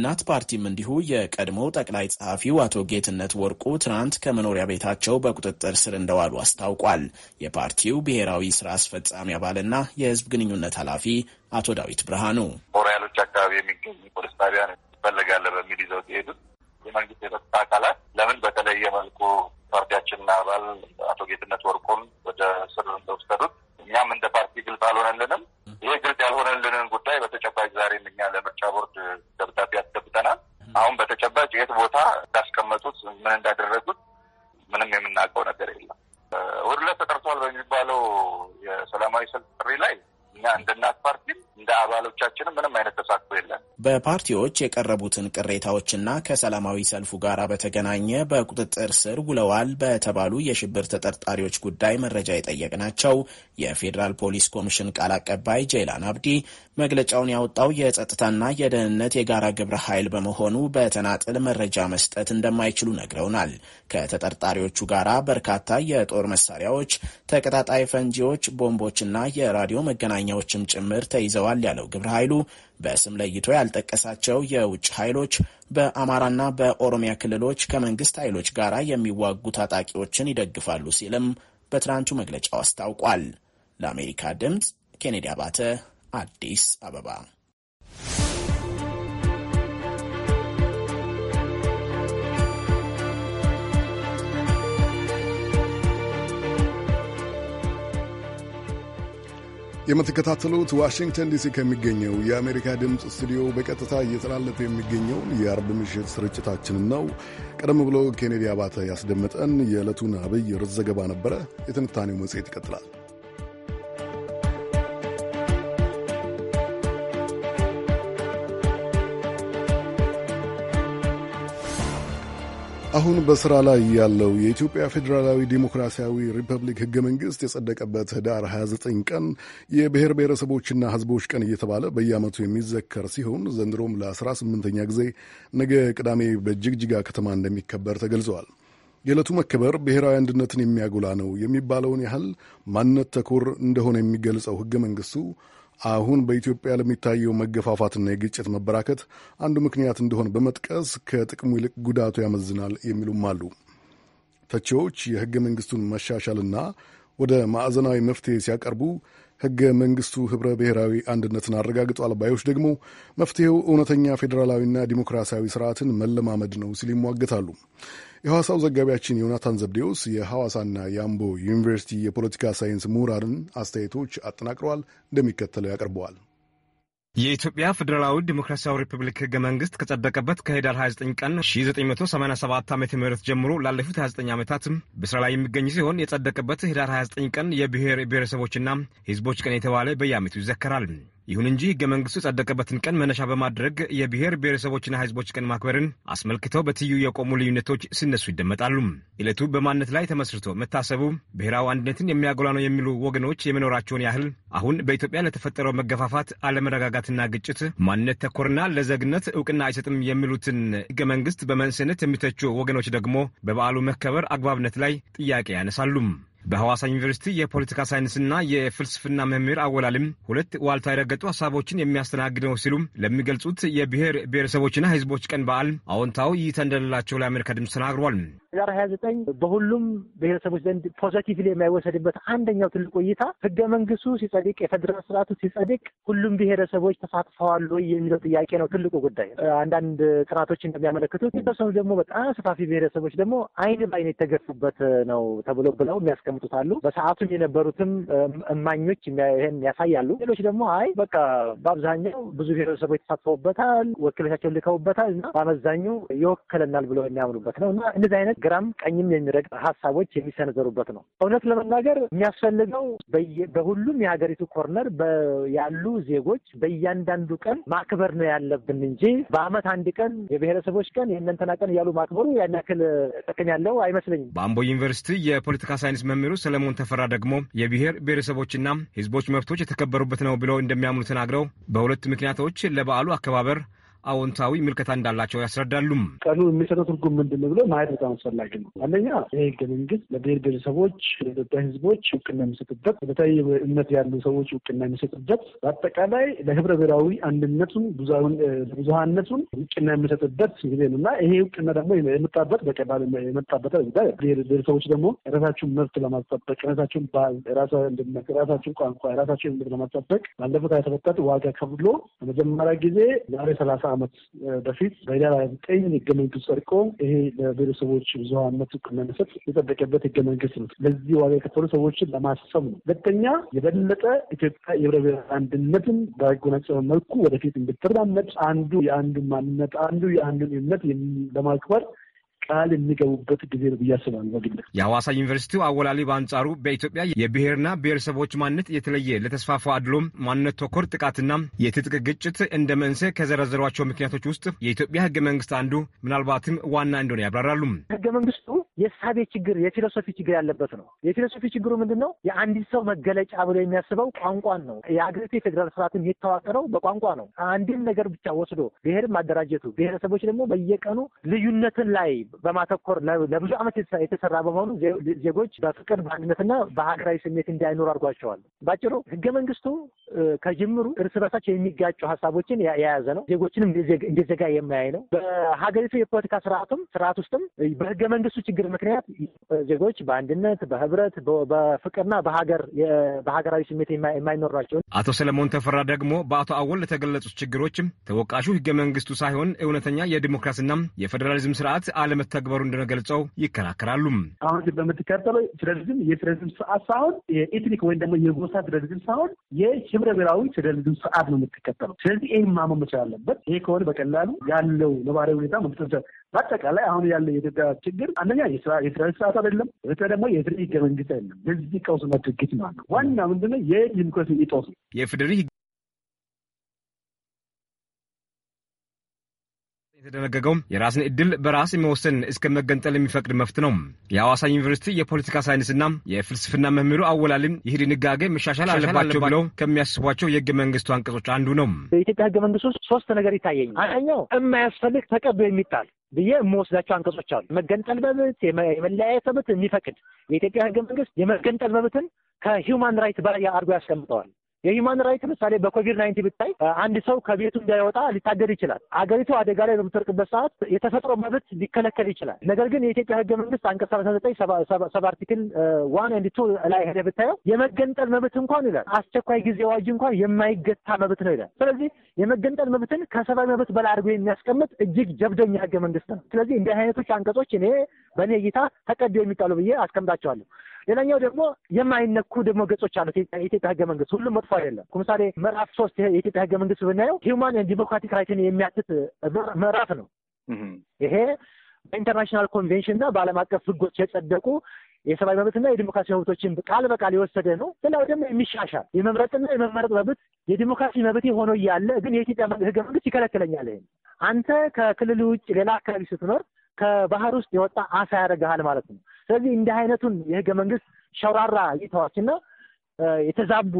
እናት ፓርቲም እንዲሁ የቀድሞ ጠቅላይ ጸሐፊው አቶ ጌትነት ወርቁ ትናንት ከመኖሪያ ቤታቸው በቁጥጥር ስር እንደዋሉ አስታውቋል። የፓርቲው ብሔራዊ ስራ አስፈጻሚ አባልና የህዝብ ግንኙነት ኃላፊ አቶ ዳዊት ብርሃኑ በፓርቲዎች የቀረቡትን ቅሬታዎችና ከሰላማዊ ሰልፉ ጋር በተገናኘ በቁጥጥር ስር ውለዋል በተባሉ የሽብር ተጠርጣሪዎች ጉዳይ መረጃ የጠየቅናቸው የፌዴራል ፖሊስ ኮሚሽን ቃል አቀባይ ጀይላን አብዲ መግለጫውን ያወጣው የጸጥታና የደህንነት የጋራ ግብረ ኃይል በመሆኑ በተናጥል መረጃ መስጠት እንደማይችሉ ነግረውናል። ከተጠርጣሪዎቹ ጋር በርካታ የጦር መሳሪያዎች፣ ተቀጣጣይ ፈንጂዎች፣ ቦምቦችና የራዲዮ መገናኛዎችም ጭምር ተይዘዋል ያለው ግብረ ኃይሉ በስም ለይቶ ያልጠቀሳቸው የውጭ ኃይሎች በአማራና በኦሮሚያ ክልሎች ከመንግስት ኃይሎች ጋር የሚዋጉ ታጣቂዎችን ይደግፋሉ ሲልም በትናንቱ መግለጫው አስታውቋል። ለአሜሪካ ድምፅ ኬኔዲ አባተ አዲስ አበባ የምትከታተሉት ዋሽንግተን ዲሲ ከሚገኘው የአሜሪካ ድምፅ ስቱዲዮ በቀጥታ እየተላለፈ የሚገኘውን የአርብ ምሽት ስርጭታችንን ነው። ቀደም ብሎ ኬኔዲ አባተ ያስደመጠን የዕለቱን አብይ ርዕስ ዘገባ ነበረ። የትንታኔው መጽሔት ይቀጥላል። አሁን በሥራ ላይ ያለው የኢትዮጵያ ፌዴራላዊ ዴሞክራሲያዊ ሪፐብሊክ ህገ መንግስት የጸደቀበት ህዳር 29 ቀን የብሔር ብሔረሰቦችና ህዝቦች ቀን እየተባለ በየዓመቱ የሚዘከር ሲሆን ዘንድሮም ለ18ኛ ጊዜ ነገ ቅዳሜ በጅግጅጋ ከተማ እንደሚከበር ተገልጸዋል። የዕለቱ መከበር ብሔራዊ አንድነትን የሚያጎላ ነው የሚባለውን ያህል ማንነት ተኮር እንደሆነ የሚገልጸው ሕገ መንግስቱ? አሁን በኢትዮጵያ ለሚታየው መገፋፋትና የግጭት መበራከት አንዱ ምክንያት እንደሆነ በመጥቀስ ከጥቅሙ ይልቅ ጉዳቱ ያመዝናል የሚሉም አሉ። ተቺዎች የህገ መንግስቱን መሻሻልና ወደ ማዕዘናዊ መፍትሄ ሲያቀርቡ ህገ መንግስቱ ህብረ ብሔራዊ አንድነትን አረጋግጧል ባዮች ደግሞ መፍትሄው እውነተኛ ፌዴራላዊና ዲሞክራሲያዊ ስርዓትን መለማመድ ነው ሲል ይሟገታሉ። የሐዋሳው ዘጋቢያችን ዮናታን ዘብዴዎስ የሐዋሳና የአምቦ ዩኒቨርሲቲ የፖለቲካ ሳይንስ ምሁራንን አስተያየቶች አጠናቅረዋል፣ እንደሚከተለው ያቀርበዋል። የኢትዮጵያ ፌዴራላዊ ዴሞክራሲያዊ ሪፐብሊክ ህገ መንግስት ከጸደቀበት ከህዳር 29 ቀን 1987 ዓ ም ጀምሮ ላለፉት 29 ዓመታት በስራ ላይ የሚገኝ ሲሆን የጸደቀበት ህዳር 29 ቀን የብሔር ብሔረሰቦችና ህዝቦች ቀን የተባለ በየዓመቱ ይዘከራል። ይሁን እንጂ ህገ መንግስቱ የጸደቀበትን ቀን መነሻ በማድረግ የብሔር ብሔረሰቦችና ህዝቦች ቀን ማክበርን አስመልክተው በትዩ የቆሙ ልዩነቶች ሲነሱ ይደመጣሉ። ዕለቱ በማንነት ላይ ተመስርቶ መታሰቡ ብሔራዊ አንድነትን የሚያጎላ ነው የሚሉ ወገኖች የመኖራቸውን ያህል አሁን በኢትዮጵያ ለተፈጠረው መገፋፋት፣ አለመረጋጋትና ግጭት ማንነት ተኮርና ለዘግነት እውቅና አይሰጥም የሚሉትን ህገ መንግስት በመንስነት የሚተቹ ወገኖች ደግሞ በበዓሉ መከበር አግባብነት ላይ ጥያቄ ያነሳሉ። በሐዋሳ ዩኒቨርሲቲ የፖለቲካ ሳይንስና የፍልስፍና መምህር አወላልም ሁለት ዋልታ የረገጡ ሀሳቦችን ነው ሲሉም ለሚገልጹት የብሔር ብሔረሰቦችና ህዝቦች ቀን በዓል አዎንታዊ እይታ እንደሌላቸው ለአሜሪካ ድምፅ ተናግሯል። ዛሬ ሀያ ዘጠኝ በሁሉም ብሔረሰቦች ዘንድ ፖዘቲቭ የማይወሰድበት አንደኛው ትልቁ እይታ ህገ መንግስቱ ሲጸድቅ፣ የፌዴራል ስርዓቱ ሲጸድቅ ሁሉም ብሔረሰቦች ተሳትፈዋል ወይ የሚለው ጥያቄ ነው ትልቁ ጉዳይ። አንዳንድ ጥናቶች እንደሚያመለክቱት የተወሰኑ ደግሞ በጣም ሰፋፊ ብሔረሰቦች ደግሞ አይን በአይን የተገፉበት ነው ተብሎ ብለው የሚያስቀ ያስቀምጡታሉ። በሰዓቱም የነበሩትም እማኞች ይህን ያሳያሉ። ሌሎች ደግሞ አይ በቃ በአብዛኛው ብዙ ብሔረሰቦች ተሳትፈውበታል፣ ወኪሎቻቸውን ልከውበታል እና በአመዛኙ ይወክለናል ብለው የሚያምኑበት ነው እና እንደዚህ አይነት ግራም ቀኝም የሚረግጥ ሀሳቦች የሚሰነዘሩበት ነው። እውነት ለመናገር የሚያስፈልገው በሁሉም የሀገሪቱ ኮርነር ያሉ ዜጎች በእያንዳንዱ ቀን ማክበር ነው ያለብን እንጂ በአመት አንድ ቀን የብሔረሰቦች ቀን የእነንተና ቀን እያሉ ማክበሩ ያን ያክል ጥቅም ያለው አይመስለኝም። በአምቦ ዩኒቨርሲቲ የፖለቲካ ሳይንስ መ ተመራማሪው ሰለሞን ተፈራ ደግሞ የብሔር ብሔረሰቦችና ህዝቦች መብቶች የተከበሩበት ነው ብለው እንደሚያምኑ ተናግረው በሁለት ምክንያቶች ለበዓሉ አከባበር አዎንታዊ ምልከታ እንዳላቸው ያስረዳሉም። ቀኑ የሚሰጠው ትርጉም ምንድን ነው ብሎ ማየት በጣም አስፈላጊ ነው። አንደኛ ይህ ህገ መንግስት ለብሔር ብሔረሰቦች፣ ለኢትዮጵያ ህዝቦች እውቅና የሚሰጥበት በተለይ እምነት ያሉ ሰዎች እውቅና የሚሰጥበት በአጠቃላይ ለህብረ ብሔራዊ አንድነቱን ብዙሀነቱን እውቅና የሚሰጥበት ጊዜ ነው እና ይሄ እውቅና ደግሞ የመጣበት በቀላል የመጣበት ብሔር ብሔረሰቦች ደግሞ የራሳቸውን መብት ለማስጠበቅ የራሳቸውን ባህል፣ የራሳቸውን ቋንቋ፣ የራሳቸውን እምነት ለማስጠበቅ ባለፉት ሀያ ሰባት ዋጋ ከፍሎ ለመጀመሪያ ጊዜ ዛሬ ሰላሳ ዓመት በፊት በህዳር ሃያ ዘጠኝ ህገ መንግስት ጸድቆ ይሄ ለብሔረሰቦች ብዙሀነት እውቅና መሰጥ የጸደቀበት ህገ መንግስት ነው። ለዚህ ዋጋ የከፈሉ ሰዎችን ለማሰብ ነው። ሁለተኛ የበለጠ ኢትዮጵያ የህብረ ብሔር አንድነትን በጎናጸበ መልኩ ወደፊት እንድትራመድ አንዱ የአንዱን ማንነት አንዱ የአንዱን እምነት በማክበር ቃል የሚገቡበት ጊዜ ነው ብዬ አስባለሁ። በግል የሐዋሳ ዩኒቨርሲቲው አወላሊ በአንጻሩ በኢትዮጵያ የብሔርና ብሔረሰቦች ማንነት የተለየ ለተስፋፋ አድሎ፣ ማንነት ተኮር ጥቃትና የትጥቅ ግጭት እንደ መንስኤ ከዘረዘሯቸው ምክንያቶች ውስጥ የኢትዮጵያ ህገ መንግስት አንዱ ምናልባትም ዋና እንደሆነ ያብራራሉ። ህገ መንግስቱ የእሳቤ ችግር የፊሎሶፊ ችግር ያለበት ነው። የፊሎሶፊ ችግሩ ምንድን ነው? የአንዲት ሰው መገለጫ ብሎ የሚያስበው ቋንቋን ነው። የአገሪቱ የፌዴራል ስርዓት የተዋቀረው በቋንቋ ነው። አንድን ነገር ብቻ ወስዶ ብሔር ማደራጀቱ ብሔረሰቦች ደግሞ በየቀኑ ልዩነትን ላይ በማተኮር ለብዙ ዓመት የተሰራ በመሆኑ ዜጎች በፍቅር በአንድነትና በሀገራዊ ስሜት እንዳይኖሩ አድርጓቸዋል። ባጭሩ ህገ መንግስቱ ከጅምሩ እርስ በርሳቸው የሚጋጩ ሀሳቦችን የያዘ ነው። ዜጎችንም እንደዜጋ የማያይ ነው። በሀገሪቱ የፖለቲካ ስርዓቱም ስርዓት ውስጥም በህገ መንግስቱ ችግር ምክንያት ዜጎች በአንድነት በህብረት፣ በፍቅርና በሀገር በሀገራዊ ስሜት የማይኖሩ ናቸው። አቶ ሰለሞን ተፈራ ደግሞ በአቶ አወል ለተገለጹት ችግሮች ተወቃሹ ህገ መንግስቱ ሳይሆን እውነተኛ የዲሞክራሲና የፌዴራሊዝም ስርዓት አለመተግበሩ እንደሆነ ይከራከራሉ። አሁን ግን በምትከተለው ፌዴራሊዝም የፌዴራሊዝም ስርዓት ሳይሆን የኢትኒክ ወይም ደግሞ የጎሳ ፌዴራሊዝም ሳይሆን የህብረ ብሔራዊ ፌዴራሊዝም ስርዓት ነው የምትከተለው። ስለዚህ ይህ ማመን መቻል አለበት። ይሄ ከሆነ በቀላሉ ያለው ነባራዊ ሁኔታ መፍጠር በአጠቃላይ አሁን ያለው የኢትዮጵያ ችግር አንደኛ የእስራኤል ስርዓት አይደለም፣ ሁለተኛ ደግሞ የፍድሪ ህገ መንግስት አይደለም። በዚህ ቀውስና ድርጊት ነው። ዋና ምንድነው የዲሞክራሲ እጦት ነው። የኢፌዴሪ የተደነገገው የራስን እድል በራስ የመወሰን እስከ መገንጠል የሚፈቅድ መፍት ነው። የሐዋሳ ዩኒቨርሲቲ የፖለቲካ ሳይንስና የፍልስፍና መምህሩ አወላልም ይህ ድንጋጌ መሻሻል አለባቸው ብለው ከሚያስቧቸው የህገ መንግስቱ አንቀጾች አንዱ ነው። የኢትዮጵያ ህገ መንግስት ውስጥ ሶስት ነገር ይታየኝ። አንደኛው የማያስፈልግ ተቀብሎ የሚጣል ብዬ የምወስዳቸው አንቀጾች አሉ። መገንጠል መብት፣ የመለያየት መብት የሚፈቅድ የኢትዮጵያ ህገ መንግስት የመገንጠል መብትን ከሂውማን ራይት በላይ አድርጎ ያስቀምጠዋል። የሂማን ራይት ምሳሌ በኮቪድ ናይንቲ ብታይ አንድ ሰው ከቤቱ እንዳይወጣ ሊታገድ ይችላል። አገሪቱ አደጋ ላይ በምትወርቅበት ሰዓት የተፈጥሮ መብት ሊከለከል ይችላል። ነገር ግን የኢትዮጵያ ህገ መንግስት አንቀጽ ሰላሳ ዘጠኝ ሰብ አርቲክል ዋን ኤንድ ቱ ላይ ሄደ ብታየው የመገንጠል መብት እንኳን ይላል አስቸኳይ ጊዜ አዋጅ እንኳን የማይገታ መብት ነው ይላል። ስለዚህ የመገንጠል መብትን ከሰብአዊ መብት በላይ አድርጎ የሚያስቀምጥ እጅግ ጀብደኛ ህገ መንግስት ነው። ስለዚህ እንዲህ አይነቶች አንቀጾች እኔ በእኔ እይታ ተቀደው የሚጣሉ ብዬ አስቀምጣቸዋለሁ። ሌላኛው ደግሞ የማይነኩ ደግሞ ገጾች አሉ። የኢትዮጵያ ህገ መንግስት። ሁሉም መጥፎ አይደለም። ለምሳሌ ምዕራፍ ሶስት የኢትዮጵያ ህገ መንግስት ብናየው ሂውማን ዲሞክራቲክ ራይትን የሚያትት ምዕራፍ ነው። ይሄ በኢንተርናሽናል ኮንቬንሽን እና በዓለም አቀፍ ህጎች የጸደቁ የሰብአዊ መብትና የዲሞክራሲ መብቶችን ቃል በቃል የወሰደ ነው። ሌላው ደግሞ የሚሻሻል የመምረጥና የመመረጥ መብት የዲሞክራሲ መብት ሆኖ እያለ ግን የኢትዮጵያ ህገ መንግስት ይከለክለኛል። ይሄ አንተ ከክልል ውጭ ሌላ አካባቢ ስትኖር ከባህር ውስጥ የወጣ አሳ ያደርግሃል ማለት ነው። ስለዚህ እንዲህ አይነቱን የህገ መንግስት ሸራራ እይታዎችና የተዛቡ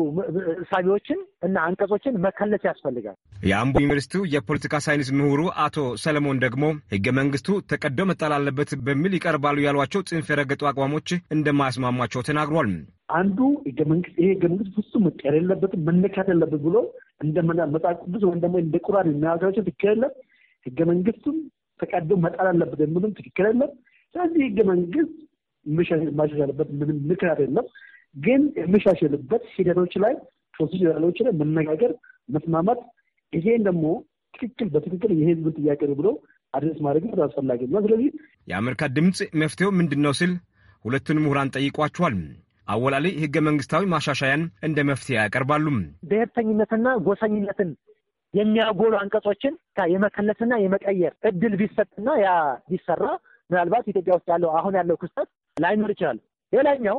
ሳቢዎችን እና አንቀጾችን መከለስ ያስፈልጋል። የአምቦ ዩኒቨርሲቲው የፖለቲካ ሳይንስ ምሁሩ አቶ ሰለሞን ደግሞ ህገ መንግስቱ ተቀዶ መጣል አለበት በሚል ይቀርባሉ ያሏቸው ጽንፍ የረገጡ አቋሞች እንደማያስማሟቸው ተናግሯል። አንዱ ህገ መንግስት ይሄ ህገ መንግስት ፍጹም መቀየር የለበትም መነካት የለበት ብሎ እንደ መጽሐፍ ቅዱስ ወይም ደግሞ እንደ ቁራን የሚያገራቸው ትክክል የለም። ህገ መንግስቱም ተቀዶ መጣል አለበት የሚሉም ትክክል የለም። ስለዚህ ህገ መንግስት የማሻሻልበት ምንም ምክንያት የለም። ግን የምሻሽልበት ሂደቶች ላይ ፕሮሲጀሮች ላይ መነጋገር፣ መስማማት ይሄን ደግሞ ትክክል በትክክል የህዝብን ጥያቄ ነው ብሎ አድረስ ማድረግ አስፈላጊ ነው። ስለዚህ የአሜሪካ ድምፅ መፍትሄው ምንድን ነው ስል ሁለቱን ምሁራን ጠይቋቸዋል። አወላሌ ህገ መንግስታዊ ማሻሻያን እንደ መፍትሄ ያቀርባሉ። ብሔርተኝነትና ጎሰኝነትን የሚያጎሉ አንቀጾችን የመከለስና የመቀየር እድል ቢሰጥና ያ ቢሰራ ምናልባት ኢትዮጵያ ውስጥ ያለው አሁን ያለው ክስተት ላይኖር ይችላል። ሌላኛው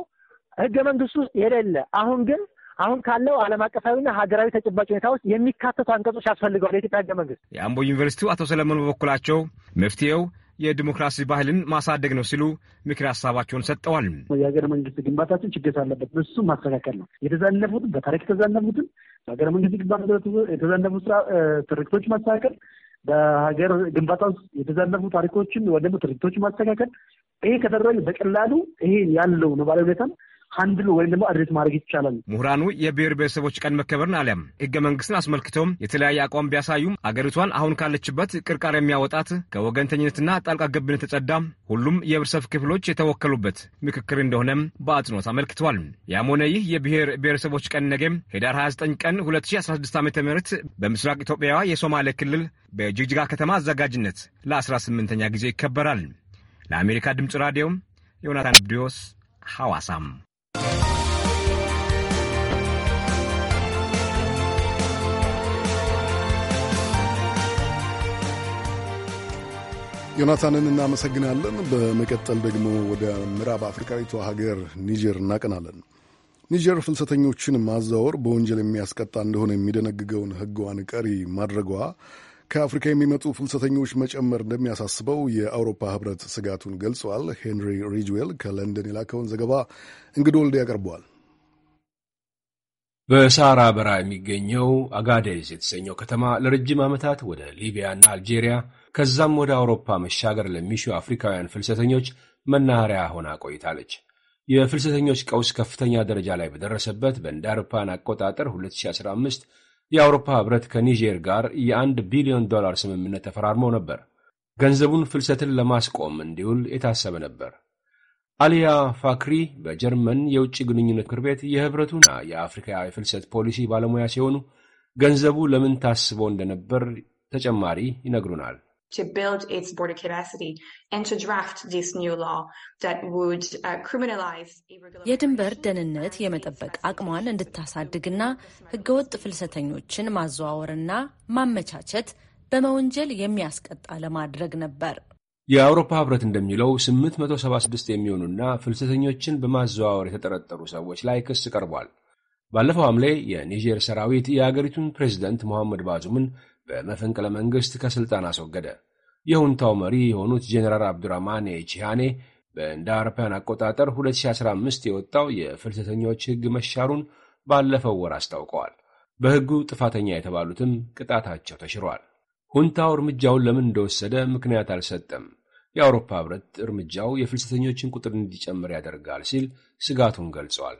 ህገ መንግስቱ ውስጥ የሌለ አሁን ግን አሁን ካለው ዓለም አቀፋዊና ሀገራዊ ተጨባጭ ሁኔታ ውስጥ የሚካተቱ አንቀጾች ያስፈልገዋል የኢትዮጵያ ህገ መንግስት። የአምቦ ዩኒቨርሲቲው አቶ ሰለሞን በበኩላቸው መፍትሄው የዲሞክራሲ ባህልን ማሳደግ ነው ሲሉ ምክር ሀሳባቸውን ሰጠዋል። የሀገረ መንግስት ግንባታችን ችግር አለበት፣ እሱ ማስተካከል ነው። የተዛነፉትን በታሪክ የተዛነፉትን በሀገረ መንግስት ግንባታ የተዛነፉ ትርክቶች ማስተካከል በሀገር ግንባታ ውስጥ የተዛነፉ ታሪኮችን ወይም ደግሞ ማስተካከል ይሄ ከተደረገ በቀላሉ ይሄ ያለው ነባራዊ ሁኔታን ሀንድሉ ወይም ደግሞ አድሬት ማድረግ ይቻላል። ምሁራኑ የብሔር ብሔረሰቦች ቀን መከበርን አሊያም ህገ መንግስትን አስመልክተውም የተለያየ አቋም ቢያሳዩም አገሪቷን አሁን ካለችበት ቅርቃር የሚያወጣት ከወገንተኝነትና ጣልቃ ገብነት ተጸዳ ሁሉም የህብረተሰብ ክፍሎች የተወከሉበት ምክክር እንደሆነም በአጽንኦት አመልክተዋል። ያም ሆነ ይህ የብሔር ብሔረሰቦች ቀን ነገም ሄዳር 29 ቀን 2016 ዓ ም በምስራቅ ኢትዮጵያዋ የሶማሌ ክልል በጅግጅጋ ከተማ አዘጋጅነት ለ18ኛ ጊዜ ይከበራል። ለአሜሪካ ድምፅ ራዲዮ ዮናታን አብዲዮስ ሐዋሳም ዮናታንን እናመሰግናለን። በመቀጠል ደግሞ ወደ ምዕራብ አፍሪካዊቷ ሀገር ኒጀር እናቀናለን። ኒጀር ፍልሰተኞችን ማዛወር በወንጀል የሚያስቀጣ እንደሆነ የሚደነግገውን ሕግዋን ቀሪ ማድረጓ ከአፍሪካ የሚመጡ ፍልሰተኞች መጨመር እንደሚያሳስበው የአውሮፓ ህብረት ስጋቱን ገልጸዋል። ሄንሪ ሪጅዌል ከለንደን የላከውን ዘገባ እንግዶ ወልደ ያቀርበዋል። በሳራ በራ የሚገኘው አጋዴዝ የተሰኘው ከተማ ለረጅም ዓመታት ወደ ሊቢያና አልጄሪያ ከዛም ወደ አውሮፓ መሻገር ለሚሹ አፍሪካውያን ፍልሰተኞች መናኸሪያ ሆና ቆይታለች። የፍልሰተኞች ቀውስ ከፍተኛ ደረጃ ላይ በደረሰበት በእንደ አውሮፓን አቆጣጠር 2015 የአውሮፓ ህብረት ከኒጀር ጋር የአንድ ቢሊዮን ዶላር ስምምነት ተፈራርሞ ነበር። ገንዘቡን ፍልሰትን ለማስቆም እንዲውል የታሰበ ነበር። አሊያ ፋክሪ በጀርመን የውጭ ግንኙነት ምክር ቤት የህብረቱና የአፍሪካ የፍልሰት ፖሊሲ ባለሙያ ሲሆኑ ገንዘቡ ለምን ታስቦ እንደነበር ተጨማሪ ይነግሩናል። to build its border capacity and to draft this new law that would uh, criminalize የድንበር ደህንነት የመጠበቅ አቅሟን እንድታሳድግና ህገወጥ ፍልሰተኞችን ማዘዋወርና ማመቻቸት በመወንጀል የሚያስቀጣ ለማድረግ ነበር። የአውሮፓ ህብረት እንደሚለው 876 የሚሆኑና ፍልሰተኞችን በማዘዋወር የተጠረጠሩ ሰዎች ላይ ክስ ቀርቧል። ባለፈው ሐምሌ የኒጀር ሰራዊት የአገሪቱን ፕሬዚደንት መሐመድ ባዙምን በመፈንቅለ መንግሥት ከሥልጣን አስወገደ። የሁንታው መሪ የሆኑት ጄኔራል አብዱራማን ቺሃኔ በእንደ አውሮፓውያን አቆጣጠር 2015 የወጣው የፍልሰተኞች ሕግ መሻሩን ባለፈው ወር አስታውቀዋል። በሕጉ ጥፋተኛ የተባሉትም ቅጣታቸው ተሽሯል። ሁንታው እርምጃውን ለምን እንደወሰደ ምክንያት አልሰጠም። የአውሮፓ ኅብረት እርምጃው የፍልሰተኞችን ቁጥር እንዲጨምር ያደርጋል ሲል ስጋቱን ገልጿል።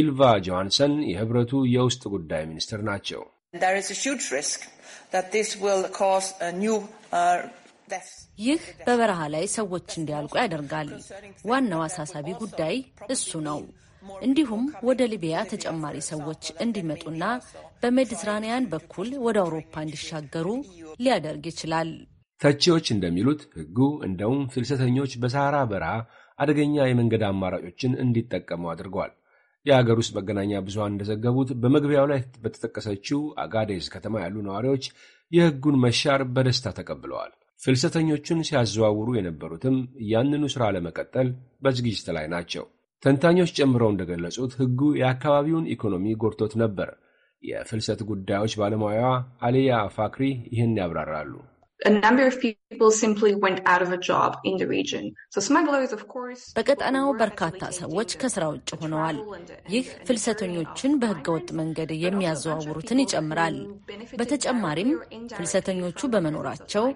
ኢልቫ ጆሃንሰን የኅብረቱ የውስጥ ጉዳይ ሚኒስትር ናቸው። Uh, ይህ በበረሃ ላይ ሰዎች እንዲያልቁ ያደርጋል። ዋናው አሳሳቢ ጉዳይ እሱ ነው። እንዲሁም ወደ ሊቢያ ተጨማሪ ሰዎች እንዲመጡና በሜዲትራኒያን በኩል ወደ አውሮፓ እንዲሻገሩ ሊያደርግ ይችላል። ተቺዎች እንደሚሉት ሕጉ እንደውም ፍልሰተኞች በሰሃራ በረሃ አደገኛ የመንገድ አማራጮችን እንዲጠቀሙ አድርጓል። የአገር ውስጥ መገናኛ ብዙሃን እንደዘገቡት በመግቢያው ላይ በተጠቀሰችው አጋዴዝ ከተማ ያሉ ነዋሪዎች የሕጉን መሻር በደስታ ተቀብለዋል። ፍልሰተኞቹን ሲያዘዋውሩ የነበሩትም ያንኑ ሥራ ለመቀጠል በዝግጅት ላይ ናቸው። ተንታኞች ጨምረው እንደገለጹት ሕጉ የአካባቢውን ኢኮኖሚ ጎድቶት ነበር። የፍልሰት ጉዳዮች ባለሙያዋ አሊያ ፋክሪ ይህን ያብራራሉ። በቀጠናው በርካታ ሰዎች ከስራ ውጭ ሆነዋል። ይህ ፍልሰተኞችን በህገወጥ መንገድ የሚያዘዋውሩትን ይጨምራል። በተጨማሪም ፍልሰተኞቹ በመኖራቸው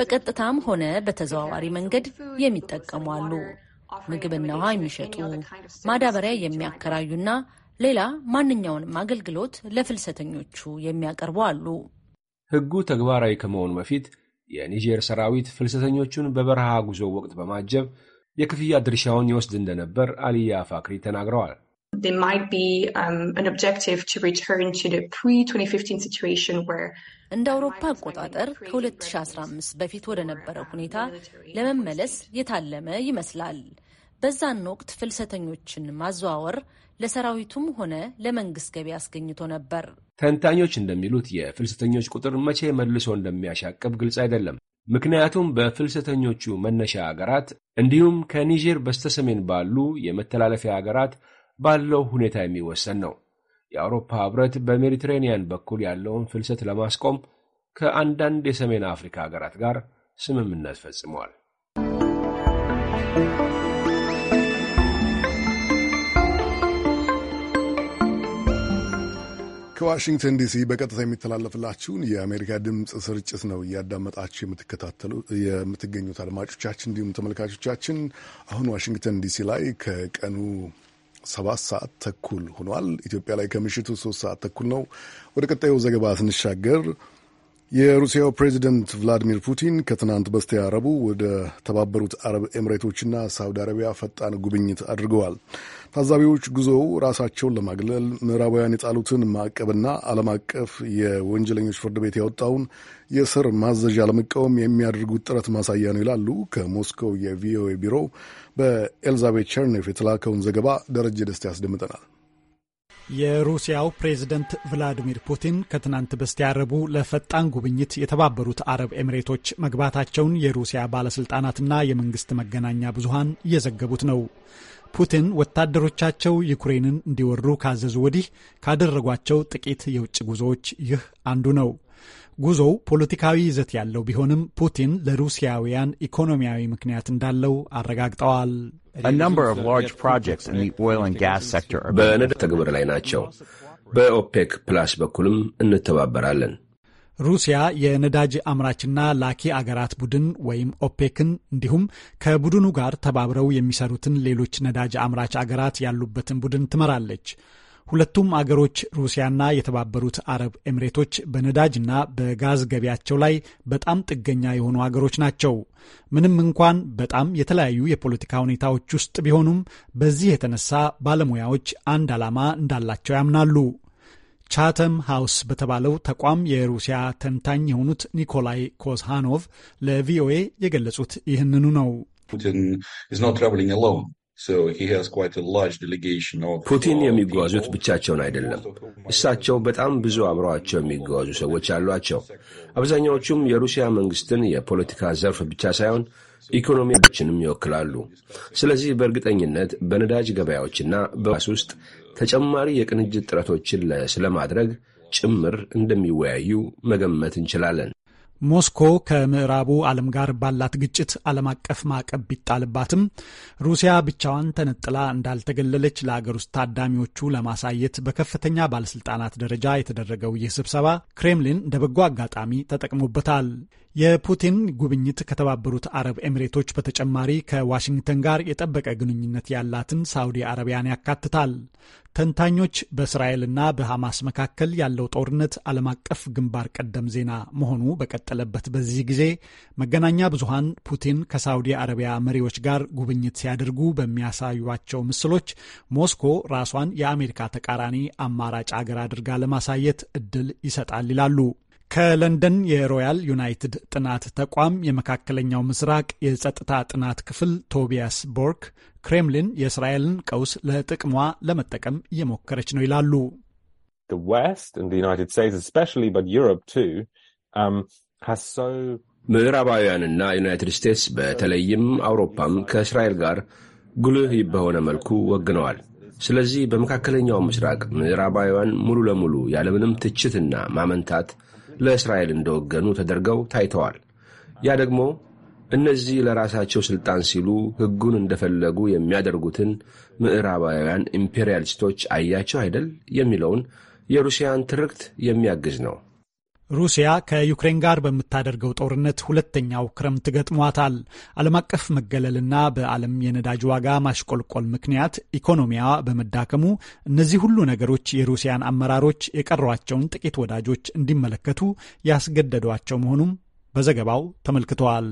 በቀጥታም ሆነ በተዘዋዋሪ መንገድ የሚጠቀሙ አሉ። ምግብና ውሃ የሚሸጡ፣ ማዳበሪያ የሚያከራዩና ሌላ ማንኛውንም አገልግሎት ለፍልሰተኞቹ የሚያቀርቡ አሉ። ህጉ ተግባራዊ ከመሆኑ በፊት የኒጀር ሰራዊት ፍልሰተኞቹን በበረሃ ጉዞ ወቅት በማጀብ የክፍያ ድርሻውን ይወስድ እንደነበር አልያ ፋክሪ ተናግረዋል። um, እንደ አውሮፓ አቆጣጠር ከ2015 በፊት ወደ ነበረው ሁኔታ ለመመለስ የታለመ ይመስላል። በዛን ወቅት ፍልሰተኞችን ማዘዋወር ለሰራዊቱም ሆነ ለመንግስት ገቢ አስገኝቶ ነበር። ተንታኞች እንደሚሉት የፍልሰተኞች ቁጥር መቼ መልሶ እንደሚያሻቅብ ግልጽ አይደለም። ምክንያቱም በፍልሰተኞቹ መነሻ አገራት እንዲሁም ከኒጀር በስተሰሜን ባሉ የመተላለፊያ አገራት ባለው ሁኔታ የሚወሰን ነው። የአውሮፓ ህብረት በሜዲትሬንያን በኩል ያለውን ፍልሰት ለማስቆም ከአንዳንድ የሰሜን አፍሪካ አገራት ጋር ስምምነት you. ከዋሽንግተን ዲሲ በቀጥታ የሚተላለፍላችሁን የአሜሪካ ድምፅ ስርጭት ነው እያዳመጣችሁ የምትከታተሉ የምትገኙት አድማጮቻችን፣ እንዲሁም ተመልካቾቻችን። አሁን ዋሽንግተን ዲሲ ላይ ከቀኑ ሰባት ሰዓት ተኩል ሆኗል። ኢትዮጵያ ላይ ከምሽቱ ሶስት ሰዓት ተኩል ነው። ወደ ቀጣዩ ዘገባ ስንሻገር የሩሲያው ፕሬዚደንት ቭላዲሚር ፑቲን ከትናንት በስቲያ ረቡዕ ወደ ተባበሩት አረብ ኤምሬቶችና ሳውዲ አረቢያ ፈጣን ጉብኝት አድርገዋል። ታዛቢዎች ጉዞው ራሳቸውን ለማግለል ምዕራባውያን የጣሉትን ማዕቀብና ዓለም አቀፍ የወንጀለኞች ፍርድ ቤት ያወጣውን የእስር ማዘዣ ለመቃወም የሚያደርጉት ጥረት ማሳያ ነው ይላሉ ከሞስኮው የቪኦኤ ቢሮ በኤልዛቤት ቸርኔፍ የተላከውን ዘገባ ደረጀ ደስታ ያስደምጠናል። የሩሲያው ፕሬዝደንት ቭላዲሚር ፑቲን ከትናንት በስቲያ ረቡዕ ለፈጣን ጉብኝት የተባበሩት አረብ ኤሚሬቶች መግባታቸውን የሩሲያ ባለስልጣናትና የመንግስት መገናኛ ብዙሃን እየዘገቡት ነው። ፑቲን ወታደሮቻቸው ዩክሬንን እንዲወሩ ካዘዙ ወዲህ ካደረጓቸው ጥቂት የውጭ ጉዞዎች ይህ አንዱ ነው። ጉዞው ፖለቲካዊ ይዘት ያለው ቢሆንም ፑቲን ለሩሲያውያን ኢኮኖሚያዊ ምክንያት እንዳለው አረጋግጠዋል። በነዳጅ ተግብር ላይ ናቸው። በኦፔክ ፕላስ በኩልም እንተባበራለን። ሩሲያ የነዳጅ አምራችና ላኪ አገራት ቡድን ወይም ኦፔክን እንዲሁም ከቡድኑ ጋር ተባብረው የሚሰሩትን ሌሎች ነዳጅ አምራች አገራት ያሉበትን ቡድን ትመራለች። ሁለቱም አገሮች ሩሲያና የተባበሩት አረብ ኤምሬቶች በነዳጅና በጋዝ ገቢያቸው ላይ በጣም ጥገኛ የሆኑ አገሮች ናቸው። ምንም እንኳን በጣም የተለያዩ የፖለቲካ ሁኔታዎች ውስጥ ቢሆኑም በዚህ የተነሳ ባለሙያዎች አንድ ዓላማ እንዳላቸው ያምናሉ። ቻተም ሃውስ በተባለው ተቋም የሩሲያ ተንታኝ የሆኑት ኒኮላይ ኮዝሃኖቭ ለቪኦኤ የገለጹት ይህንኑ ነው። ፑቲን ፑቲን የሚጓዙት ብቻቸውን አይደለም። እሳቸው በጣም ብዙ አብረዋቸው የሚጓዙ ሰዎች አሏቸው። አብዛኛዎቹም የሩሲያ መንግስትን የፖለቲካ ዘርፍ ብቻ ሳይሆን ኢኮኖሚዎችንም ይወክላሉ። ስለዚህ በእርግጠኝነት በነዳጅ ገበያዎችና በባስ ውስጥ ተጨማሪ የቅንጅት ጥረቶችን ስለማድረግ ጭምር እንደሚወያዩ መገመት እንችላለን። ሞስኮ ከምዕራቡ ዓለም ጋር ባላት ግጭት ዓለም አቀፍ ማዕቀብ ቢጣልባትም ሩሲያ ብቻዋን ተነጥላ እንዳልተገለለች ለአገር ውስጥ ታዳሚዎቹ ለማሳየት በከፍተኛ ባለስልጣናት ደረጃ የተደረገው ይህ ስብሰባ ክሬምሊን እንደ በጎ አጋጣሚ ተጠቅሞበታል። የፑቲን ጉብኝት ከተባበሩት አረብ ኤሚሬቶች በተጨማሪ ከዋሽንግተን ጋር የጠበቀ ግንኙነት ያላትን ሳውዲ አረቢያን ያካትታል። ተንታኞች በእስራኤልና በሐማስ መካከል ያለው ጦርነት ዓለም አቀፍ ግንባር ቀደም ዜና መሆኑ በቀጠለበት በዚህ ጊዜ መገናኛ ብዙሃን ፑቲን ከሳውዲ አረቢያ መሪዎች ጋር ጉብኝት ሲያደርጉ በሚያሳዩቸው ምስሎች ሞስኮ ራሷን የአሜሪካ ተቃራኒ አማራጭ አገር አድርጋ ለማሳየት እድል ይሰጣል ይላሉ። ከለንደን የሮያል ዩናይትድ ጥናት ተቋም የመካከለኛው ምስራቅ የጸጥታ ጥናት ክፍል ቶቢያስ ቦርክ ክሬምሊን የእስራኤልን ቀውስ ለጥቅሟ ለመጠቀም እየሞከረች ነው ይላሉ። um, ምዕራባውያንና ዩናይትድ ስቴትስ በተለይም አውሮፓም ከእስራኤል ጋር ጉልህ በሆነ መልኩ ወግነዋል። ስለዚህ በመካከለኛው ምስራቅ ምዕራባውያን ሙሉ ለሙሉ ያለምንም ትችትና ማመንታት ለእስራኤል እንደወገኑ ተደርገው ታይተዋል። ያ ደግሞ እነዚህ ለራሳቸው ሥልጣን ሲሉ ሕጉን እንደፈለጉ የሚያደርጉትን ምዕራባውያን ኢምፔሪያሊስቶች አያቸው አይደል የሚለውን የሩሲያን ትርክት የሚያግዝ ነው። ሩሲያ ከዩክሬን ጋር በምታደርገው ጦርነት ሁለተኛው ክረምት ገጥሟታል። ዓለም አቀፍ መገለልና በዓለም የነዳጅ ዋጋ ማሽቆልቆል ምክንያት ኢኮኖሚያ በመዳከሙ እነዚህ ሁሉ ነገሮች የሩሲያን አመራሮች የቀሯቸውን ጥቂት ወዳጆች እንዲመለከቱ ያስገደዷቸው መሆኑም በዘገባው ተመልክተዋል።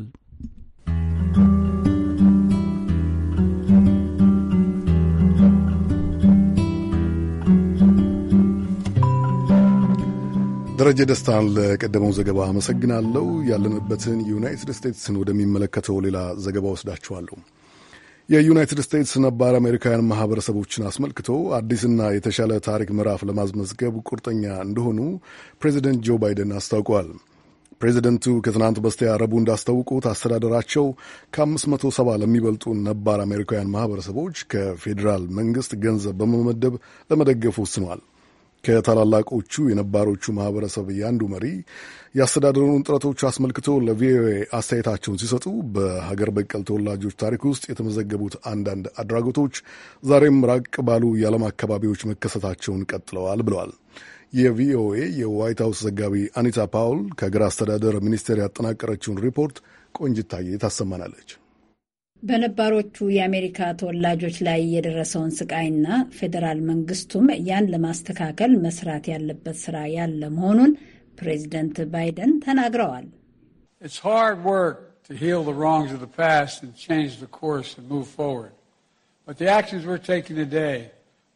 ደረጀ ደስታን ለቀደመው ዘገባ አመሰግናለሁ። ያለንበትን ዩናይትድ ስቴትስን ወደሚመለከተው ሌላ ዘገባ ወስዳችኋለሁ። የዩናይትድ ስቴትስ ነባር አሜሪካውያን ማህበረሰቦችን አስመልክቶ አዲስና የተሻለ ታሪክ ምዕራፍ ለማስመዝገብ ቁርጠኛ እንደሆኑ ፕሬዚደንት ጆ ባይደን አስታውቋል። ፕሬዚደንቱ ከትናንት በስቲያ ረቡዕ እንዳስታውቁት አስተዳደራቸው ከ570 ለሚበልጡ ነባር አሜሪካውያን ማህበረሰቦች ከፌዴራል መንግስት ገንዘብ በመመደብ ለመደገፍ ወስኗል። ከታላላቆቹ የነባሮቹ ማህበረሰብ የአንዱ መሪ የአስተዳደሩን ጥረቶች አስመልክቶ ለቪኦኤ አስተያየታቸውን ሲሰጡ በሀገር በቀል ተወላጆች ታሪክ ውስጥ የተመዘገቡት አንዳንድ አድራጎቶች ዛሬም ራቅ ባሉ የዓለም አካባቢዎች መከሰታቸውን ቀጥለዋል ብለዋል። የቪኦኤ የዋይት ሀውስ ዘጋቢ አኒታ ፓውል ከሀገር አስተዳደር ሚኒስቴር ያጠናቀረችውን ሪፖርት ቆንጅታዬ ታሰማናለች። በነባሮቹ የአሜሪካ ተወላጆች ላይ የደረሰውን ስቃይና ፌዴራል መንግስቱም ያን ለማስተካከል መስራት ያለበት ስራ ያለ መሆኑን ፕሬዚደንት ባይደን ተናግረዋል።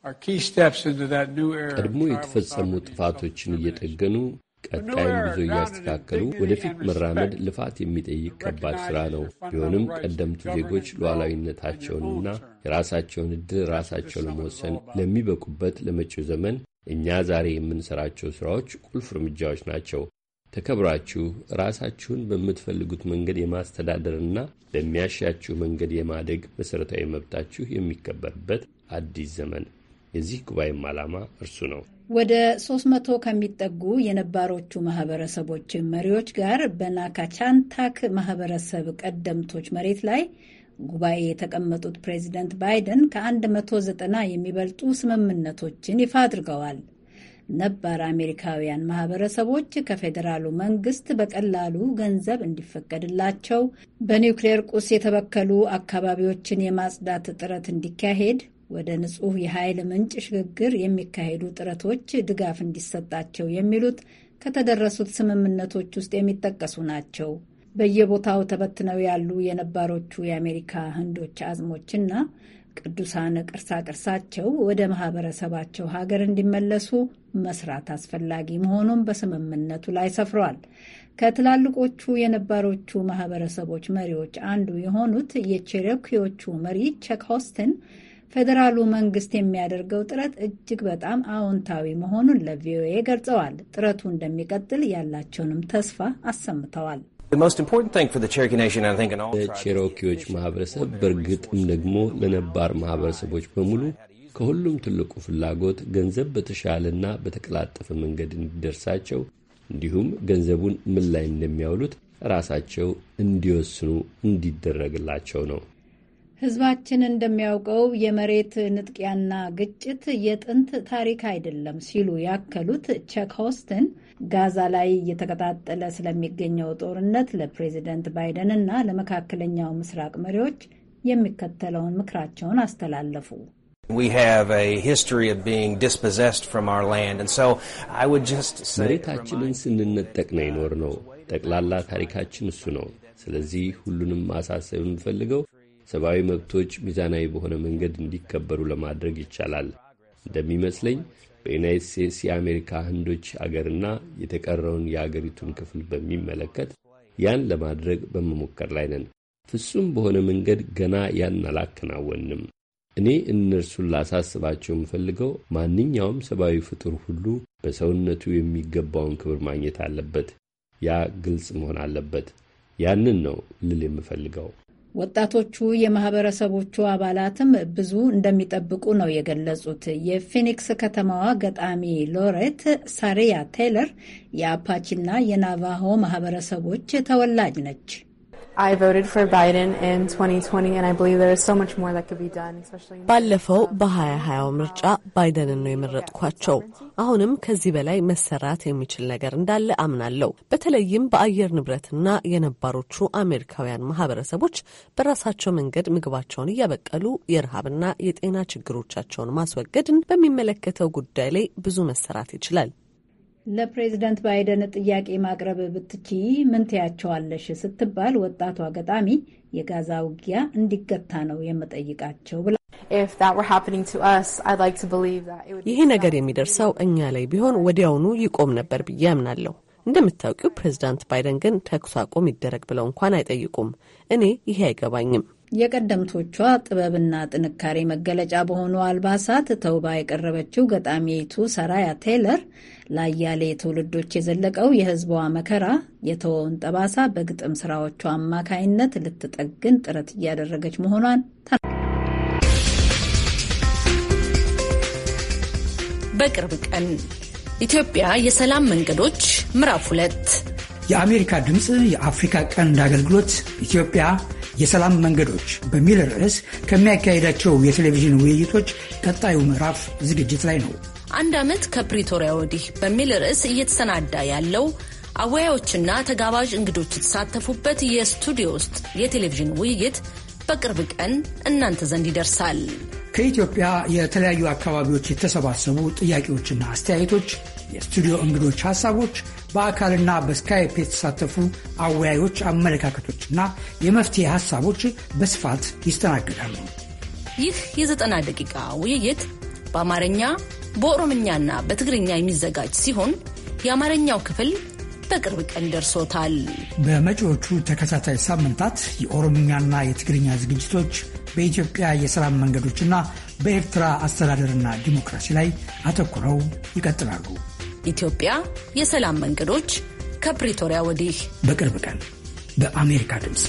ቀድሞ የተፈጸሙ ጥፋቶችን እየጠገኑ ቀጣይም ጉዞ እያስተካከሉ ወደፊት መራመድ ልፋት የሚጠይቅ ከባድ ስራ ነው። ቢሆንም ቀደምቱ ዜጎች ሉዓላዊነታቸውንና የራሳቸውን ዕድል ራሳቸውን ለመወሰን ለሚበቁበት ለመጪው ዘመን እኛ ዛሬ የምንሠራቸው ሥራዎች ቁልፍ እርምጃዎች ናቸው። ተከብራችሁ ራሳችሁን በምትፈልጉት መንገድ የማስተዳደርና በሚያሻችሁ መንገድ የማደግ መሠረታዊ መብታችሁ የሚከበርበት አዲስ ዘመን የዚህ ጉባኤም ዓላማ እርሱ ነው። ወደ 300 ከሚጠጉ የነባሮቹ ማህበረሰቦች መሪዎች ጋር በናካቻንታክ ማህበረሰብ ቀደምቶች መሬት ላይ ጉባኤ የተቀመጡት ፕሬዚደንት ባይደን ከ190 የሚበልጡ ስምምነቶችን ይፋ አድርገዋል። ነባር አሜሪካውያን ማህበረሰቦች ከፌዴራሉ መንግስት በቀላሉ ገንዘብ እንዲፈቀድላቸው፣ በኒውክሌር ቁስ የተበከሉ አካባቢዎችን የማጽዳት ጥረት እንዲካሄድ፣ ወደ ንጹህ የኃይል ምንጭ ሽግግር የሚካሄዱ ጥረቶች ድጋፍ እንዲሰጣቸው የሚሉት ከተደረሱት ስምምነቶች ውስጥ የሚጠቀሱ ናቸው። በየቦታው ተበትነው ያሉ የነባሮቹ የአሜሪካ ህንዶች አጽሞችና ቅዱሳን ቅርሳ ቅርሳቸው ወደ ማህበረሰባቸው ሀገር እንዲመለሱ መስራት አስፈላጊ መሆኑን በስምምነቱ ላይ ሰፍሯል። ከትላልቆቹ የነባሮቹ ማህበረሰቦች መሪዎች አንዱ የሆኑት የቼሮኪዎቹ መሪ ቸክ ሆስትን ፌዴራሉ መንግስት የሚያደርገው ጥረት እጅግ በጣም አዎንታዊ መሆኑን ለቪኦኤ ገልጸዋል። ጥረቱ እንደሚቀጥል ያላቸውንም ተስፋ አሰምተዋል። ለቼሮኪዎች ማህበረሰብ በእርግጥም ደግሞ ለነባር ማህበረሰቦች በሙሉ ከሁሉም ትልቁ ፍላጎት ገንዘብ በተሻለና በተቀላጠፈ መንገድ እንዲደርሳቸው እንዲሁም ገንዘቡን ምን ላይ እንደሚያውሉት ራሳቸው እንዲወስኑ እንዲደረግላቸው ነው። ህዝባችን እንደሚያውቀው የመሬት ንጥቂያና ግጭት የጥንት ታሪክ አይደለም ሲሉ ያከሉት ቸክ ሆስትን ጋዛ ላይ እየተቀጣጠለ ስለሚገኘው ጦርነት ለፕሬዚደንት ባይደን እና ለመካከለኛው ምስራቅ መሪዎች የሚከተለውን ምክራቸውን አስተላለፉ። መሬታችንን ስንነጠቅ ነው የኖር ነው። ጠቅላላ ታሪካችን እሱ ነው። ስለዚህ ሁሉንም ማሳሰብ የምፈልገው ሰብአዊ መብቶች ሚዛናዊ በሆነ መንገድ እንዲከበሩ ለማድረግ ይቻላል። እንደሚመስለኝ በዩናይት ስቴትስ የአሜሪካ ህንዶች አገርና የተቀረውን የአገሪቱን ክፍል በሚመለከት ያን ለማድረግ በመሞከር ላይ ነን። ፍጹም በሆነ መንገድ ገና ያን አላከናወንም። እኔ እነርሱን ላሳስባቸው የምፈልገው ማንኛውም ሰብአዊ ፍጡር ሁሉ በሰውነቱ የሚገባውን ክብር ማግኘት አለበት። ያ ግልጽ መሆን አለበት። ያንን ነው ልል የምፈልገው። ወጣቶቹ የማህበረሰቦቹ አባላትም ብዙ እንደሚጠብቁ ነው የገለጹት። የፊኒክስ ከተማዋ ገጣሚ ሎሬት ሳሪያ ቴይለር የአፓችና የናቫሆ ማህበረሰቦች ተወላጅ ነች። ባለፈው በ2020 ምርጫ ባይደንን ነው የመረጥኳቸው። አሁንም ከዚህ በላይ መሰራት የሚችል ነገር እንዳለ አምናለሁ። በተለይም በአየር ንብረትና የነባሮቹ አሜሪካውያን ማህበረሰቦች በራሳቸው መንገድ ምግባቸውን እያበቀሉ የረሃብና የጤና ችግሮቻቸውን ማስወገድን በሚመለከተው ጉዳይ ላይ ብዙ መሰራት ይችላል። ለፕሬዝደንት ባይደን ጥያቄ ማቅረብ ብትቺ ምን ትያቸዋለሽ ስትባል ወጣቷ ገጣሚ የጋዛ ውጊያ እንዲገታ ነው የምጠይቃቸው ብላ ይሄ ነገር የሚደርሰው እኛ ላይ ቢሆን ወዲያውኑ ይቆም ነበር ብዬ አምናለሁ። እንደምታውቂው ፕሬዚዳንት ባይደን ግን ተኩስ አቁም ይደረግ ብለው እንኳን አይጠይቁም። እኔ ይሄ አይገባኝም። የቀደምቶቿ ጥበብና ጥንካሬ መገለጫ በሆኑ አልባሳት ተውባ የቀረበችው ገጣሚቱ ሰራያ ቴይለር ለአያሌ ትውልዶች የዘለቀው የሕዝቧ መከራ የተወውን ጠባሳ በግጥም ስራዎቿ አማካይነት ልትጠግን ጥረት እያደረገች መሆኗን ተናግረዋል። በቅርብ ቀን ኢትዮጵያ የሰላም መንገዶች ምዕራፍ ሁለት የአሜሪካ ድምፅ የአፍሪካ ቀንድ አገልግሎት ኢትዮጵያ የሰላም መንገዶች በሚል ርዕስ ከሚያካሄዳቸው የቴሌቪዥን ውይይቶች ቀጣዩ ምዕራፍ ዝግጅት ላይ ነው። አንድ ዓመት ከፕሪቶሪያ ወዲህ በሚል ርዕስ እየተሰናዳ ያለው አወያዮችና ተጋባዥ እንግዶች የተሳተፉበት የስቱዲዮ ውስጥ የቴሌቪዥን ውይይት በቅርብ ቀን እናንተ ዘንድ ይደርሳል። ከኢትዮጵያ የተለያዩ አካባቢዎች የተሰባሰቡ ጥያቄዎችና አስተያየቶች፣ የስቱዲዮ እንግዶች ሀሳቦች በአካልና በስካይፕ የተሳተፉ አወያዮች አመለካከቶችና የመፍትሄ ሀሳቦች በስፋት ይስተናገዳሉ። ይህ የዘጠና ደቂቃ ውይይት በአማርኛ በኦሮምኛና በትግርኛ የሚዘጋጅ ሲሆን የአማርኛው ክፍል በቅርብ ቀን ደርሶታል። በመጪዎቹ ተከታታይ ሳምንታት የኦሮምኛና የትግርኛ ዝግጅቶች በኢትዮጵያ የሰላም መንገዶችና በኤርትራ አስተዳደርና ዲሞክራሲ ላይ አተኩረው ይቀጥላሉ። ኢትዮጵያ የሰላም መንገዶች ከፕሪቶሪያ ወዲህ በቅርብ ቀን በአሜሪካ ድምፅ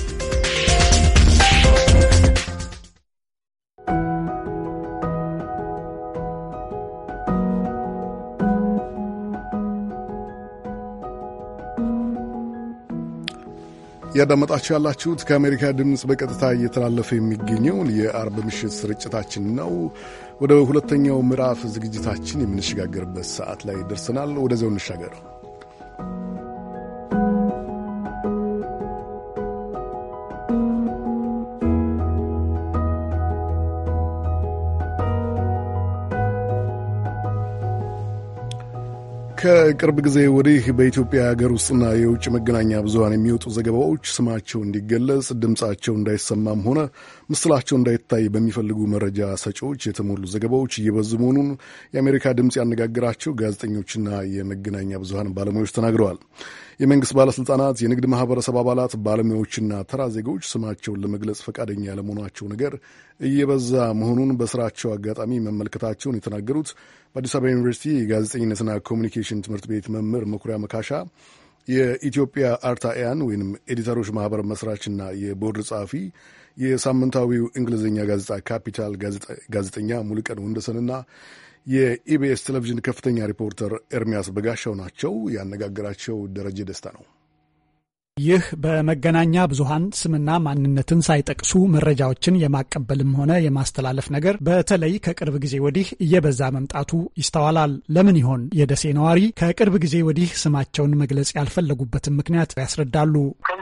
ያዳመጣችሁ ያላችሁት ከአሜሪካ ድምፅ በቀጥታ እየተላለፈ የሚገኘውን የአርብ ምሽት ስርጭታችን ነው። ወደ ሁለተኛው ምዕራፍ ዝግጅታችን የምንሸጋገርበት ሰዓት ላይ ደርሰናል። ወደዚያው እንሻገር። ከቅርብ ጊዜ ወዲህ በኢትዮጵያ ሀገር ውስጥና የውጭ መገናኛ ብዙሀን የሚወጡ ዘገባዎች ስማቸው እንዲገለጽ ድምፃቸው እንዳይሰማም ሆነ ምስላቸው እንዳይታይ በሚፈልጉ መረጃ ሰጪዎች የተሞሉ ዘገባዎች እየበዙ መሆኑን የአሜሪካ ድምፅ ያነጋገራቸው ጋዜጠኞችና የመገናኛ ብዙሀን ባለሙያዎች ተናግረዋል። የመንግስት ባለስልጣናት፣ የንግድ ማህበረሰብ አባላት፣ ባለሙያዎችና ተራ ዜጎች ስማቸውን ለመግለጽ ፈቃደኛ ያለመሆናቸው ነገር እየበዛ መሆኑን በስራቸው አጋጣሚ መመልከታቸውን የተናገሩት በአዲስ አበባ ዩኒቨርሲቲ የጋዜጠኝነትና ኮሚኒኬሽን ትምህርት ቤት መምህር መኩሪያ መካሻ የኢትዮጵያ አርታኢያን ወይም ኤዲተሮች ማህበር መስራችና የቦርድ ጸሐፊ፣ የሳምንታዊው እንግሊዝኛ ጋዜጣ ካፒታል ጋዜጠኛ ሙሉቀን ወንደሰንና የኢቢኤስ ቴሌቪዥን ከፍተኛ ሪፖርተር ኤርሚያስ በጋሻው ናቸው። ያነጋገራቸው ደረጀ ደስታ ነው። ይህ በመገናኛ ብዙሃን ስምና ማንነትን ሳይጠቅሱ መረጃዎችን የማቀበልም ሆነ የማስተላለፍ ነገር በተለይ ከቅርብ ጊዜ ወዲህ እየበዛ መምጣቱ ይስተዋላል። ለምን ይሆን? የደሴ ነዋሪ ከቅርብ ጊዜ ወዲህ ስማቸውን መግለጽ ያልፈለጉበትን ምክንያት ያስረዳሉ።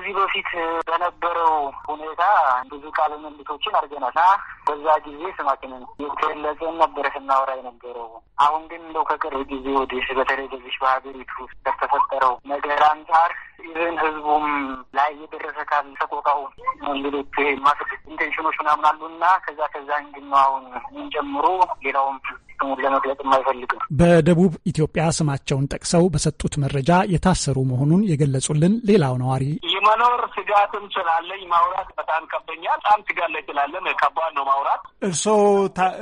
ከዚህ በፊት በነበረው ሁኔታ ብዙ ቃለ ምልልሶችን አድርገናል እና በዛ ጊዜ ስማችንን የተለጸን ነበረ ስናወራ የነበረው። አሁን ግን እንደው ከቅርብ ጊዜ ወዲህ በተለይ በዚህ በሀገሪቱ ውስጥ ከተፈጠረው ነገር አንጻር ይህን ህዝቡም ላይ የደረሰ ካል ሰቆቃው እንግዲህ ማስ ኢንቴንሽኖች ምናምን አሉና ከዛ ከዛ እንግኖ አሁን ምን ጀምሮ ሌላውም በደቡብ ኢትዮጵያ ስማቸውን ጠቅሰው በሰጡት መረጃ የታሰሩ መሆኑን የገለጹልን ሌላው ነዋሪ ይመኑ የመኖር ስጋትም ስላለኝ ማውራት በጣም ከበኛል። በጣም ስጋት ይችላለን ስላለን ከባድ ነው ማውራት። እርሶ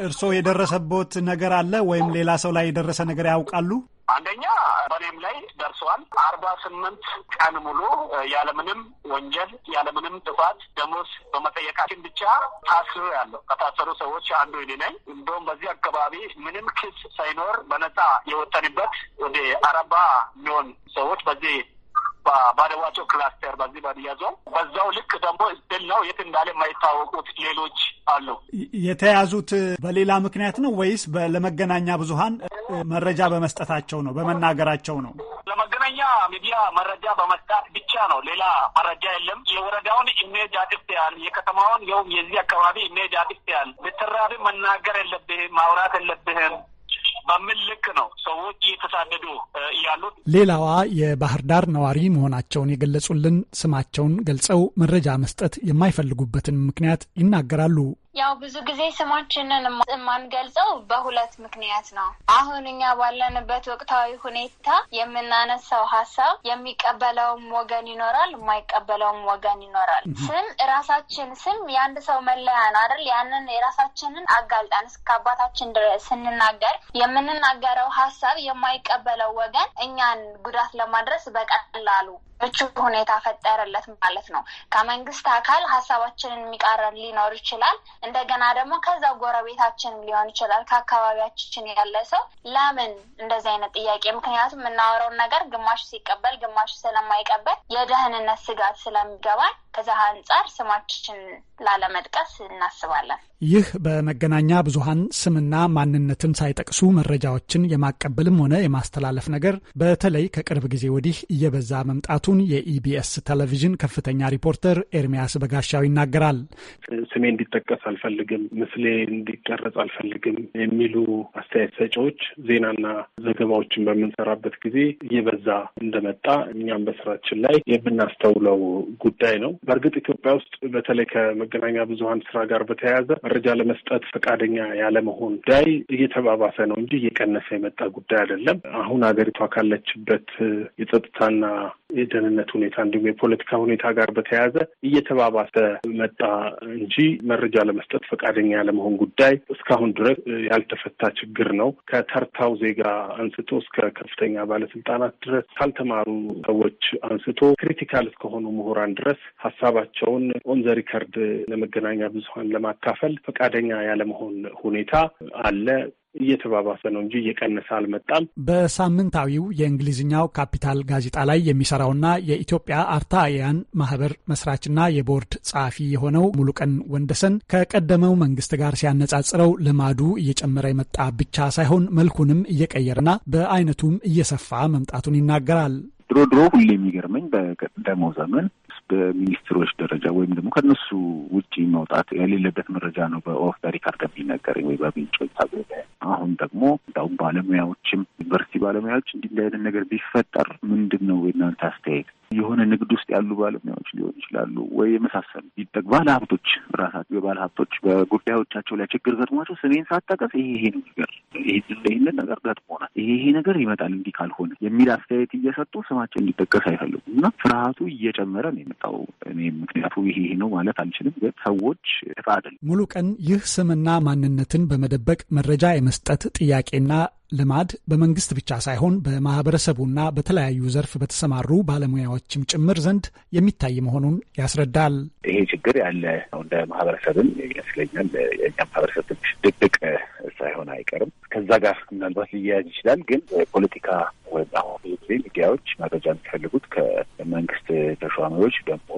እርሶ የደረሰቦት ነገር አለ ወይም ሌላ ሰው ላይ የደረሰ ነገር ያውቃሉ? አንደኛ በእኔም ላይ ደርሰዋል። አርባ ስምንት ቀን ሙሉ ያለምንም ወንጀል ያለምንም ጥፋት ደሞዝ በመጠየቃችን ብቻ ታስሮ ያለው ከታሰሩ ሰዎች አንዱ እኔ ነኝ። እንደውም በዚህ አካባቢ ምንም ክስ ሳይኖር በነፃ የወጠንበት ወደ አረባ ሚሆን ሰዎች በዚህ በአደዋቸው ክላስተር በዚህ ባድያ ዞን በዛው ልክ ደግሞ ነው የት እንዳለ የማይታወቁት ሌሎች አሉ። የተያዙት በሌላ ምክንያት ነው ወይስ ለመገናኛ ብዙሀን መረጃ በመስጠታቸው ነው በመናገራቸው ነው? ለመገናኛ ሚዲያ መረጃ በመስጣት ብቻ ነው። ሌላ መረጃ የለም። የወረዳውን ኢሜጅ አጥፍተያል። የከተማውን የውም የዚህ አካባቢ ኢሜጅ አጥፍተያል። ብትራብ መናገር የለብህም ማውራት የለብህም በምን ልክ ነው ሰዎች እየተሳደዱ ያሉት? ሌላዋ የባህር ዳር ነዋሪ መሆናቸውን የገለጹልን ስማቸውን ገልጸው መረጃ መስጠት የማይፈልጉበትን ምክንያት ይናገራሉ። ያው ብዙ ጊዜ ስማችንን የማንገልጸው በሁለት ምክንያት ነው። አሁን እኛ ባለንበት ወቅታዊ ሁኔታ የምናነሳው ሀሳብ የሚቀበለውም ወገን ይኖራል፣ የማይቀበለውም ወገን ይኖራል። ስም ራሳችን ስም የአንድ ሰው መለያ ነው አይደል? ያንን የራሳችንን አጋልጠን እስከ አባታችን ድረስ ስንናገር የምንናገረው ሀሳብ የማይቀበለው ወገን እኛን ጉዳት ለማድረስ በቀላሉ ምቹ ሁኔታ ፈጠረለት ማለት ነው። ከመንግስት አካል ሀሳባችንን የሚቃረን ሊኖር ይችላል። እንደገና ደግሞ ከዛ ጎረቤታችን ሊሆን ይችላል፣ ከአካባቢያችን ያለ ሰው ለምን እንደዚህ አይነት ጥያቄ ምክንያቱም የምናወረውን ነገር ግማሽ ሲቀበል ግማሽ ስለማይቀበል የደህንነት ስጋት ስለሚገባን ከዛ አንጻር ስማችን ላለመጥቀስ እናስባለን። ይህ በመገናኛ ብዙሃን ስምና ማንነትን ሳይጠቅሱ መረጃዎችን የማቀበልም ሆነ የማስተላለፍ ነገር በተለይ ከቅርብ ጊዜ ወዲህ እየበዛ መምጣቱን የኢቢኤስ ቴሌቪዥን ከፍተኛ ሪፖርተር ኤርሚያስ በጋሻው ይናገራል። ስሜ እንዲጠቀስ አልፈልግም፣ ምስሌ እንዲቀረጽ አልፈልግም የሚሉ አስተያየት ሰጪዎች ዜናና ዘገባዎችን በምንሰራበት ጊዜ እየበዛ እንደመጣ እኛም በስራችን ላይ የምናስተውለው ጉዳይ ነው። በእርግጥ ኢትዮጵያ ውስጥ በተለይ ከመገናኛ ብዙሃን ስራ ጋር በተያያዘ መረጃ ለመስጠት ፈቃደኛ ያለመሆን ጉዳይ እየተባባሰ ነው እንጂ እየቀነሰ የመጣ ጉዳይ አይደለም። አሁን ሀገሪቷ ካለችበት የጸጥታና የደህንነት ሁኔታ እንዲሁም የፖለቲካ ሁኔታ ጋር በተያያዘ እየተባባሰ መጣ እንጂ መረጃ ለመስጠት ፈቃደኛ ያለመሆን ጉዳይ እስካሁን ድረስ ያልተፈታ ችግር ነው። ከተርታው ዜጋ አንስቶ እስከ ከፍተኛ ባለስልጣናት ድረስ ካልተማሩ ሰዎች አንስቶ ክሪቲካል እስከሆኑ ምሁራን ድረስ ሀሳባቸውን ኦን ዘ ሪከርድ ለመገናኛ ብዙሀን ለማካፈል ፈቃደኛ ያለመሆን ሁኔታ አለ። እየተባባሰ ነው እንጂ እየቀነሰ አልመጣም። በሳምንታዊው የእንግሊዝኛው ካፒታል ጋዜጣ ላይ የሚሰራውና የኢትዮጵያ አርታያን ማህበር መስራችና የቦርድ ጸሐፊ የሆነው ሙሉቀን ወንደሰን ከቀደመው መንግስት ጋር ሲያነጻጽረው ልማዱ እየጨመረ የመጣ ብቻ ሳይሆን መልኩንም እየቀየረና በአይነቱም እየሰፋ መምጣቱን ይናገራል። ድሮ ድሮ ሁሌ የሚገርመኝ በቀደመው ዘመን በሚኒስትሮች ደረጃ ወይም ደግሞ ከነሱ ውጭ መውጣት የሌለበት መረጃ ነው በኦፍ በሪካርድ የሚነገረኝ ወይ በምንጮ ታዘበ። አሁን ደግሞ እንዳሁም ባለሙያዎችም ዩኒቨርሲቲ ባለሙያዎች እንዲህ አይነት ነገር ቢፈጠር ምንድን ነው የእናንተ አስተያየት? የሆነ ንግድ ውስጥ ያሉ ባለሙያዎች ሊሆኑ ይችላሉ ወይ የመሳሰሉ ይጠቅ ባለ ሀብቶች ራሳቸው የባለ ሀብቶች በጉዳዮቻቸው ላይ ችግር ገጥሟቸው ስሜን ሳጠቀስ ይሄ ይሄ ነገር ይህንን ነገር ገጥሞናል፣ ይሄ ይሄ ነገር ይመጣል እንዲህ ካልሆነ የሚል አስተያየት እየሰጡ ስማቸው እንዲጠቀስ አይፈልጉም እና ፍርሃቱ እየጨመረ ነው የመጣው። እኔ ምክንያቱ ይሄ ይሄ ነው ማለት አልችልም፣ ግን ሰዎች እቃ ሙሉ ቀን ይህ ስምና ማንነትን በመደበቅ መረጃ የመስጠት ጥያቄና ልማድ በመንግስት ብቻ ሳይሆን በማህበረሰቡና በተለያዩ ዘርፍ በተሰማሩ ባለሙያዎችም ጭምር ዘንድ የሚታይ መሆኑን ያስረዳል። ይሄ ችግር ያለ እንደ ማህበረሰብም ይመስለኛል። የእኛ ማህበረሰብ ትንሽ ድቅድቅ ሳይሆን አይቀርም። ከዛ ጋር ምናልባት ሊያያዝ ይችላል። ግን ፖለቲካ ወይም አሁን ብዙ ጊዜ ሚዲያዎች መረጃ የሚፈልጉት ከመንግስት ተሿሚዎች ደግሞ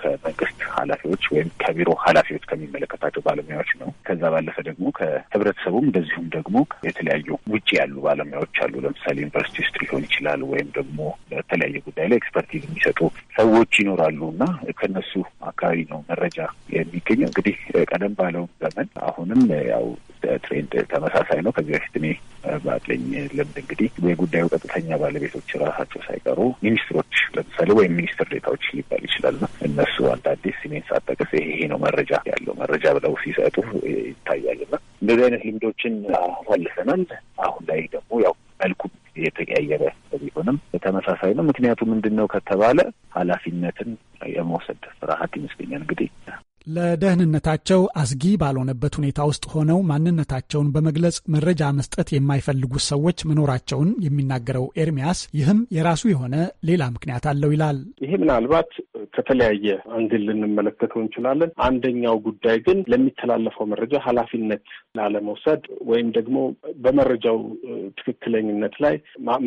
ከመንግስት ኃላፊዎች ወይም ከቢሮ ኃላፊዎች ከሚመለከታቸው ባለሙያዎች ነው። ከዛ ባለፈ ደግሞ ከህብረተሰቡም እንደዚሁም ደግሞ የተለያዩ ውጭ ያሉ ባለሙያዎች አሉ። ለምሳሌ ዩኒቨርሲቲ ውስጥ ሊሆን ይችላል፣ ወይም ደግሞ በተለያየ ጉዳይ ላይ ኤክስፐርቲዝ የሚሰጡ ሰዎች ይኖራሉ እና ከነሱ አካባቢ ነው መረጃ የሚገኘው። እንግዲህ ቀደም ባለው ዘመን አሁንም ያው ትሬንድ ተመሳሳይ ነው። ከዚህ በፊት እኔ ባለኝ ልምድ እንግዲህ የጉዳዩ ቀጥተኛ ባለቤቶች ራሳቸው ሳይቀሩ ሚኒስትሮች ለምሳሌ ወይም ሚኒስትር ዴታዎች ሊባል ይችላል እነሱ አንዳንዴ ስሜን ሳጠቅስ ይሄ ይሄ ነው መረጃ ያለው መረጃ ብለው ሲሰጡ ይታያልና እንደዚህ አይነት ልምዶችን አሳልፈናል። አሁን ላይ ደግሞ ያው መልኩ የተቀያየረ ቢሆንም ተመሳሳይ ነው። ምክንያቱ ምንድን ነው ከተባለ ኃላፊነትን የመውሰድ ፍርሃት ይመስለኛል እንግዲህ ለደህንነታቸው አስጊ ባልሆነበት ሁኔታ ውስጥ ሆነው ማንነታቸውን በመግለጽ መረጃ መስጠት የማይፈልጉት ሰዎች መኖራቸውን የሚናገረው ኤርሚያስ ይህም የራሱ የሆነ ሌላ ምክንያት አለው ይላል። ይሄ ምናልባት ከተለያየ አንግል ልንመለከተው እንችላለን። አንደኛው ጉዳይ ግን ለሚተላለፈው መረጃ ኃላፊነት ላለመውሰድ ወይም ደግሞ በመረጃው ትክክለኝነት ላይ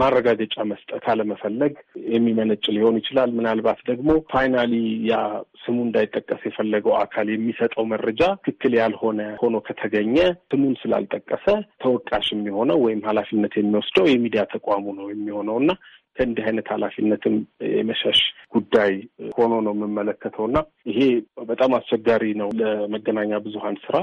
ማረጋገጫ መስጠት አለመፈለግ የሚመነጭ ሊሆን ይችላል። ምናልባት ደግሞ ፋይናሊ ያ ስሙ እንዳይጠቀስ የፈለገው አካል የሚሰጠው መረጃ ትክክል ያልሆነ ሆኖ ከተገኘ ስሙን ስላልጠቀሰ ተወቃሽ የሚሆነው ወይም ኃላፊነት የሚወስደው የሚዲያ ተቋሙ ነው የሚሆነው እና ከእንዲህ አይነት ኃላፊነትም የመሸሽ ጉዳይ ሆኖ ነው የምመለከተው እና ይሄ በጣም አስቸጋሪ ነው ለመገናኛ ብዙሀን ስራ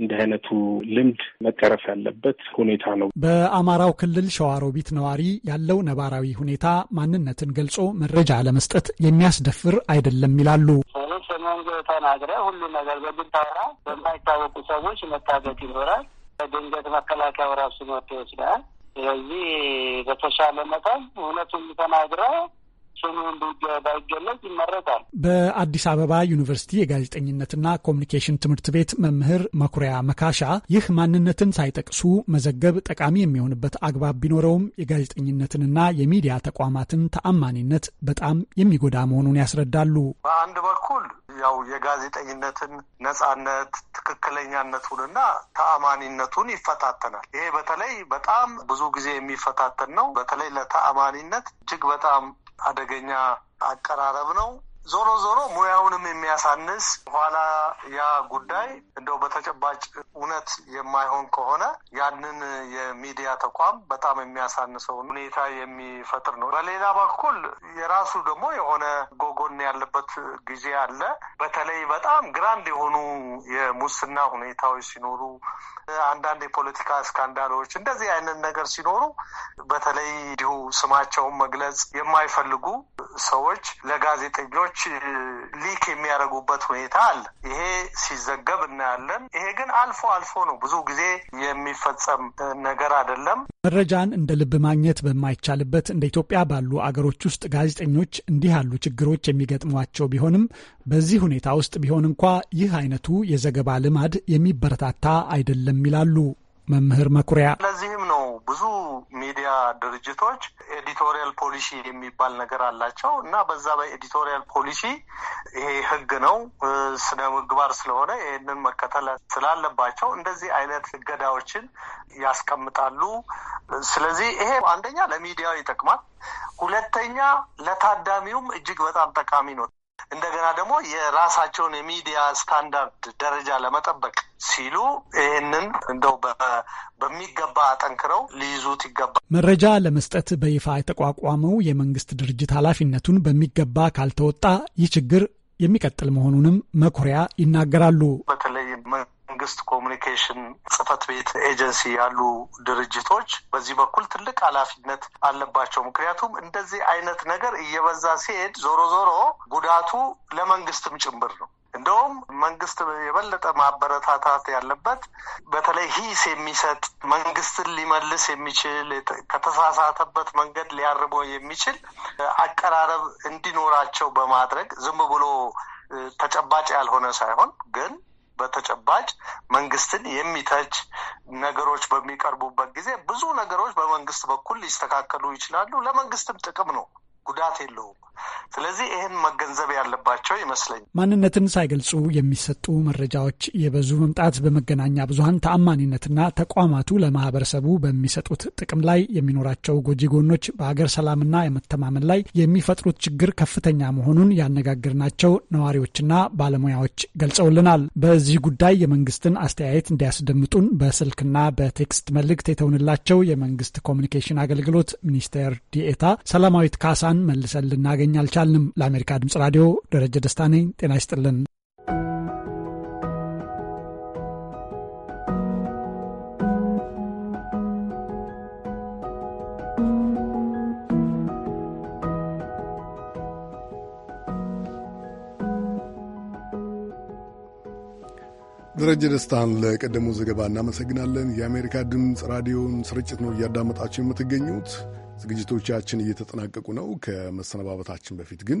እንዲህ አይነቱ ልምድ መቀረፍ ያለበት ሁኔታ ነው። በአማራው ክልል ሸዋሮቢት ነዋሪ ያለው ነባራዊ ሁኔታ ማንነትን ገልጾ መረጃ ለመስጠት የሚያስደፍር አይደለም ይላሉ። መንገድ ተናግረ ሁሉ ነገር በግድ በማይታወቁ ሰዎች መታገት ይኖራል። በድንገት መከላከያው ራሱ መጥቶ ይወስዳል። ስለዚህ በተሻለ መጠን እውነቱን ተናግረው ሰሞኑን በውጊያ ባይገለጽ ይመረጣል። በአዲስ አበባ ዩኒቨርሲቲ የጋዜጠኝነትና ኮሚኒኬሽን ትምህርት ቤት መምህር መኩሪያ መካሻ ይህ ማንነትን ሳይጠቅሱ መዘገብ ጠቃሚ የሚሆንበት አግባብ ቢኖረውም የጋዜጠኝነትንና የሚዲያ ተቋማትን ተአማኒነት በጣም የሚጎዳ መሆኑን ያስረዳሉ። በአንድ በኩል ያው የጋዜጠኝነትን ነጻነት ትክክለኛነቱንና ተአማኒነቱን ይፈታተናል። ይሄ በተለይ በጣም ብዙ ጊዜ የሚፈታተን ነው። በተለይ ለተአማኒነት እጅግ በጣም አደገኛ አቀራረብ ነው። ዞሮ ዞሮ ሙያውንም የሚያሳንስ በኋላ ያ ጉዳይ እንደው በተጨባጭ እውነት የማይሆን ከሆነ ያንን የሚዲያ ተቋም በጣም የሚያሳንሰውን ሁኔታ የሚፈጥር ነው። በሌላ በኩል የራሱ ደግሞ የሆነ ጎጎን ያለበት ጊዜ አለ። በተለይ በጣም ግራንድ የሆኑ የሙስና ሁኔታዎች ሲኖሩ፣ አንዳንድ የፖለቲካ ስካንዳሎች እንደዚህ አይነት ነገር ሲኖሩ በተለይ እንዲሁ ስማቸውን መግለጽ የማይፈልጉ ሰዎች ለጋዜጠኞች ሰዎች ሊክ የሚያደርጉበት ሁኔታ አለ። ይሄ ሲዘገብ እናያለን። ይሄ ግን አልፎ አልፎ ነው፣ ብዙ ጊዜ የሚፈጸም ነገር አይደለም። መረጃን እንደ ልብ ማግኘት በማይቻልበት እንደ ኢትዮጵያ ባሉ አገሮች ውስጥ ጋዜጠኞች እንዲህ ያሉ ችግሮች የሚገጥሟቸው ቢሆንም በዚህ ሁኔታ ውስጥ ቢሆን እንኳ ይህ አይነቱ የዘገባ ልማድ የሚበረታታ አይደለም ይላሉ መምህር መኩሪያ። ለዚህም ነው ብዙ ሚዲያ ድርጅቶች ኤዲቶሪያል ፖሊሲ የሚባል ነገር አላቸው እና በዛ በኤዲቶሪያል ፖሊሲ ይሄ ህግ ነው፣ ስነ ምግባር ስለሆነ ይህንን መከተል ስላለባቸው እንደዚህ አይነት እገዳዎችን ያስቀምጣሉ። ስለዚህ ይሄ አንደኛ ለሚዲያው ይጠቅማል፣ ሁለተኛ ለታዳሚውም እጅግ በጣም ጠቃሚ ነው። እንደገና ደግሞ የራሳቸውን የሚዲያ ስታንዳርድ ደረጃ ለመጠበቅ ሲሉ ይህንን እንደው በሚገባ አጠንክረው ሊይዙት ይገባል። መረጃ ለመስጠት በይፋ የተቋቋመው የመንግስት ድርጅት ኃላፊነቱን በሚገባ ካልተወጣ ይህ ችግር የሚቀጥል መሆኑንም መኩሪያ ይናገራሉ። በተለይ የመንግስት ኮሚኒኬሽን ጽህፈት ቤት ኤጀንሲ ያሉ ድርጅቶች በዚህ በኩል ትልቅ ኃላፊነት አለባቸው። ምክንያቱም እንደዚህ አይነት ነገር እየበዛ ሲሄድ ዞሮ ዞሮ ጉዳቱ ለመንግስትም ጭምር ነው። እንደውም መንግስት የበለጠ ማበረታታት ያለበት በተለይ ሂስ የሚሰጥ መንግስትን ሊመልስ የሚችል ከተሳሳተበት መንገድ ሊያርመው የሚችል አቀራረብ እንዲኖራቸው በማድረግ ዝም ብሎ ተጨባጭ ያልሆነ ሳይሆን ግን በተጨባጭ መንግስትን የሚተች ነገሮች በሚቀርቡበት ጊዜ ብዙ ነገሮች በመንግስት በኩል ሊስተካከሉ ይችላሉ። ለመንግስትም ጥቅም ነው፣ ጉዳት የለውም። ስለዚህ ይህን መገንዘብ ያለባቸው ይመስለኛል። ማንነትን ሳይገልጹ የሚሰጡ መረጃዎች የበዙ መምጣት በመገናኛ ብዙኃን ተአማኒነትና ተቋማቱ ለማህበረሰቡ በሚሰጡት ጥቅም ላይ የሚኖራቸው ጎጂ ጎኖች በሀገር ሰላምና የመተማመን ላይ የሚፈጥሩት ችግር ከፍተኛ መሆኑን ናቸው። ነዋሪዎችና ባለሙያዎች ገልጸውልናል። በዚህ ጉዳይ የመንግስትን አስተያየት እንዲያስደምጡን በስልክና በቴክስት መልእክት የተውንላቸው የመንግስት ኮሚኒኬሽን አገልግሎት ሚኒስቴር ዲኤታ ሰላማዊት ካሳን መልሰን ልናገኝ ልናገኝ አልቻልንም። ለአሜሪካ ድምፅ ራዲዮ ደረጀ ደስታ ነኝ። ጤና ይስጥልን። ደረጀ ደስታን ለቀደመው ዘገባ እናመሰግናለን። የአሜሪካ ድምፅ ራዲዮን ስርጭት ነው እያዳመጣችሁ የምትገኙት። ዝግጅቶቻችን እየተጠናቀቁ ነው። ከመሰነባበታችን በፊት ግን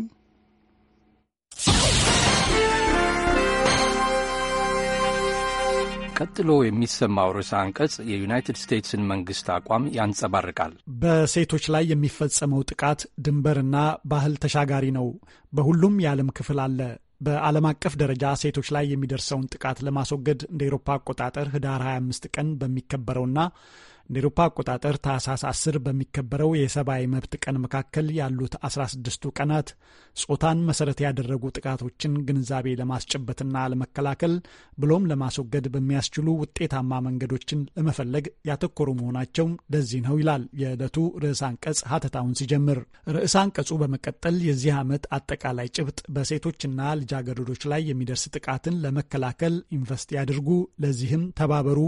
ቀጥሎ የሚሰማው ርዕሰ አንቀጽ የዩናይትድ ስቴትስን መንግስት አቋም ያንጸባርቃል። በሴቶች ላይ የሚፈጸመው ጥቃት ድንበርና ባህል ተሻጋሪ ነው፣ በሁሉም የዓለም ክፍል አለ። በዓለም አቀፍ ደረጃ ሴቶች ላይ የሚደርሰውን ጥቃት ለማስወገድ እንደ ኤሮፓ አቆጣጠር ህዳር 25 ቀን በሚከበረውና እንደ ኤሮፓ አቆጣጠር ታህሳስ 10 በሚከበረው የሰብአዊ መብት ቀን መካከል ያሉት 16ቱ ቀናት ጾታን መሰረት ያደረጉ ጥቃቶችን ግንዛቤ ለማስጨበትና ለመከላከል ብሎም ለማስወገድ በሚያስችሉ ውጤታማ መንገዶችን ለመፈለግ ያተኮሩ መሆናቸው ለዚህ ነው ይላል የዕለቱ ርዕስ አንቀጽ ሀተታውን ሲጀምር። ርዕስ አንቀጹ በመቀጠል የዚህ ዓመት አጠቃላይ ጭብጥ በሴቶችና ልጃገረዶች ላይ የሚደርስ ጥቃትን ለመከላከል ኢንቨስት ያድርጉ፣ ለዚህም ተባበሩ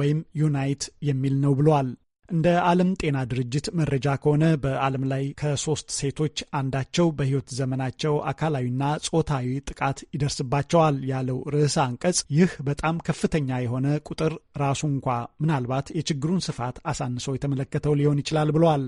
ወይም ዩናይት የሚል ነው። ብሏል። እንደ ዓለም ጤና ድርጅት መረጃ ከሆነ በዓለም ላይ ከሶስት ሴቶች አንዳቸው በሕይወት ዘመናቸው አካላዊና ጾታዊ ጥቃት ይደርስባቸዋል ያለው ርዕሰ አንቀጽ ይህ በጣም ከፍተኛ የሆነ ቁጥር ራሱ እንኳ ምናልባት የችግሩን ስፋት አሳንሶ የተመለከተው ሊሆን ይችላል ብሏል።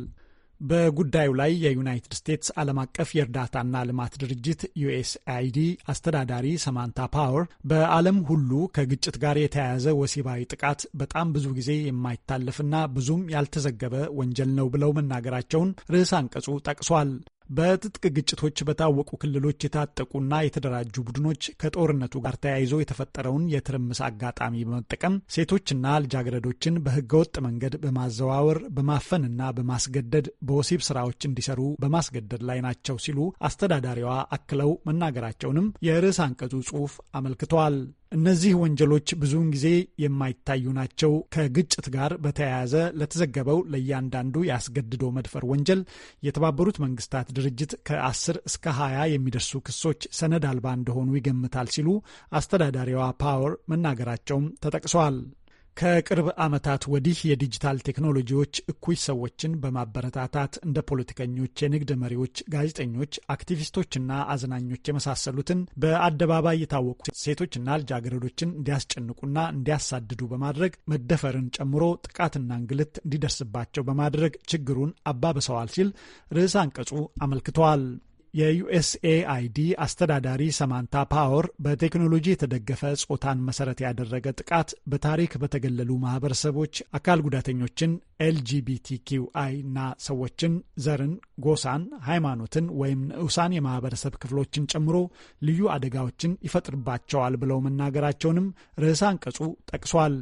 በጉዳዩ ላይ የዩናይትድ ስቴትስ ዓለም አቀፍ የእርዳታና ልማት ድርጅት ዩኤስአይዲ አስተዳዳሪ ሰማንታ ፓወር በዓለም ሁሉ ከግጭት ጋር የተያያዘ ወሲባዊ ጥቃት በጣም ብዙ ጊዜ የማይታለፍና ብዙም ያልተዘገበ ወንጀል ነው ብለው መናገራቸውን ርዕስ አንቀጹ ጠቅሷል። በትጥቅ ግጭቶች በታወቁ ክልሎች የታጠቁና የተደራጁ ቡድኖች ከጦርነቱ ጋር ተያይዞ የተፈጠረውን የትርምስ አጋጣሚ በመጠቀም ሴቶችና ልጃገረዶችን በህገወጥ መንገድ በማዘዋወር በማፈንና በማስገደድ በወሲብ ስራዎች እንዲሰሩ በማስገደድ ላይ ናቸው ሲሉ አስተዳዳሪዋ አክለው መናገራቸውንም የርዕስ አንቀጹ ጽሑፍ አመልክተዋል። እነዚህ ወንጀሎች ብዙውን ጊዜ የማይታዩ ናቸው። ከግጭት ጋር በተያያዘ ለተዘገበው ለእያንዳንዱ የአስገድዶ መድፈር ወንጀል የተባበሩት መንግስታት ድርጅት ከ10 እስከ 20 የሚደርሱ ክሶች ሰነድ አልባ እንደሆኑ ይገምታል ሲሉ አስተዳዳሪዋ ፓወር መናገራቸውም ተጠቅሰዋል። ከቅርብ ዓመታት ወዲህ የዲጂታል ቴክኖሎጂዎች እኩይ ሰዎችን በማበረታታት እንደ ፖለቲከኞች፣ የንግድ መሪዎች፣ ጋዜጠኞች፣ አክቲቪስቶችና አዝናኞች የመሳሰሉትን በአደባባይ የታወቁ ሴቶችና ልጃገረዶችን እንዲያስጨንቁና እንዲያሳድዱ በማድረግ መደፈርን ጨምሮ ጥቃትና እንግልት እንዲደርስባቸው በማድረግ ችግሩን አባብሰዋል ሲል ርዕስ አንቀጹ አመልክተዋል። የዩኤስኤአይዲ አስተዳዳሪ ሰማንታ ፓወር በቴክኖሎጂ የተደገፈ ጾታን መሰረት ያደረገ ጥቃት በታሪክ በተገለሉ ማህበረሰቦች አካል ጉዳተኞችን፣ ኤልጂቢቲኪውአይ እና ሰዎችን፣ ዘርን፣ ጎሳን፣ ሃይማኖትን ወይም ንዑሳን የማህበረሰብ ክፍሎችን ጨምሮ ልዩ አደጋዎችን ይፈጥርባቸዋል ብለው መናገራቸውንም ርዕሰ አንቀጹ ጠቅሷል።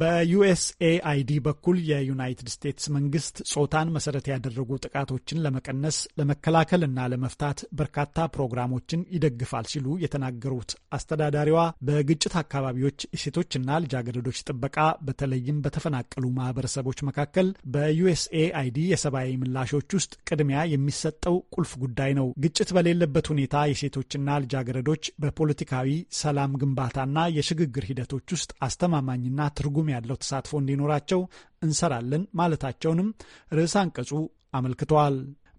በዩኤስኤአይዲ በኩል የዩናይትድ ስቴትስ መንግስት ጾታን መሰረት ያደረጉ ጥቃቶችን ለመቀነስ ለመከላከል እና ለመፍታት በርካታ ፕሮግራሞችን ይደግፋል ሲሉ የተናገሩት አስተዳዳሪዋ በግጭት አካባቢዎች ሴቶችና ልጃገረዶች ጥበቃ በተለይም በተፈናቀሉ ማህበረሰቦች መካከል በዩኤስኤአይዲ የሰብአዊ ምላሾች ውስጥ ቅድሚያ የሚሰጠው ቁልፍ ጉዳይ ነው። ግጭት በሌለበት ሁኔታ የሴቶችና ልጃገረዶች በፖለቲካዊ ሰላም ግንባታና የሽግግር ሂደቶች ውስጥ አስተማማኝና ትርጉም ትርጉም ያለው ተሳትፎ እንዲኖራቸው እንሰራለን ማለታቸውንም ርዕስ አንቀጹ አመልክተዋል።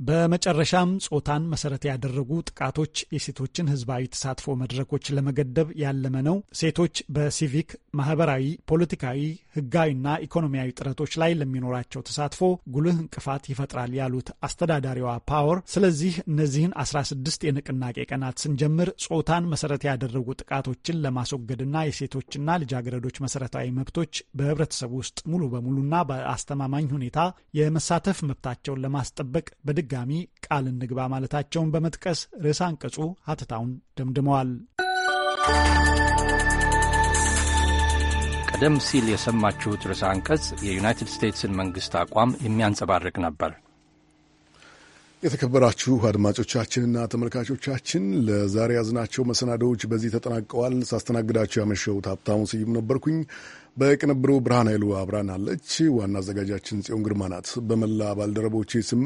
በመጨረሻም ጾታን መሰረት ያደረጉ ጥቃቶች የሴቶችን ህዝባዊ ተሳትፎ መድረኮች ለመገደብ ያለመ ነው። ሴቶች በሲቪክ ማህበራዊ፣ ፖለቲካዊ፣ ህጋዊና ኢኮኖሚያዊ ጥረቶች ላይ ለሚኖራቸው ተሳትፎ ጉልህ እንቅፋት ይፈጥራል ያሉት አስተዳዳሪዋ ፓወር፣ ስለዚህ እነዚህን 16 የንቅናቄ ቀናት ስንጀምር ጾታን መሰረት ያደረጉ ጥቃቶችን ለማስወገድና የሴቶችና ልጃገረዶች መሰረታዊ መብቶች በህብረተሰቡ ውስጥ ሙሉ በሙሉና በአስተማማኝ ሁኔታ የመሳተፍ መብታቸውን ለማስጠበቅ በድ በድጋሚ ቃል እንግባ ማለታቸውን በመጥቀስ ርዕሰ አንቀጹ ሀተታውን ደምድመዋል። ቀደም ሲል የሰማችሁት ርዕሰ አንቀጽ የዩናይትድ ስቴትስን መንግሥት አቋም የሚያንጸባርቅ ነበር። የተከበራችሁ አድማጮቻችንና ተመልካቾቻችን ለዛሬ ያዝናቸው መሰናዶዎች በዚህ ተጠናቀዋል። ሳስተናግዳችሁ ያመሸሁት ሀብታሙ ስዩም ነበርኩኝ። በቅንብሩ ብርሃን ኃይሉ አለች። ዋና አዘጋጃችን ጽዮን ግርማ ናት። በመላ ባልደረቦቼ ስም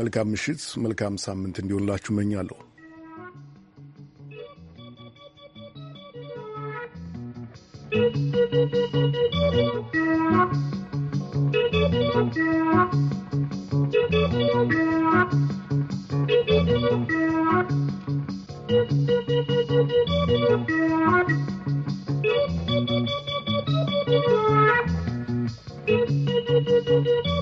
መልካም ምሽት፣ መልካም ሳምንት እንዲሆንላችሁ እመኛለሁ። Thank you. Thank you.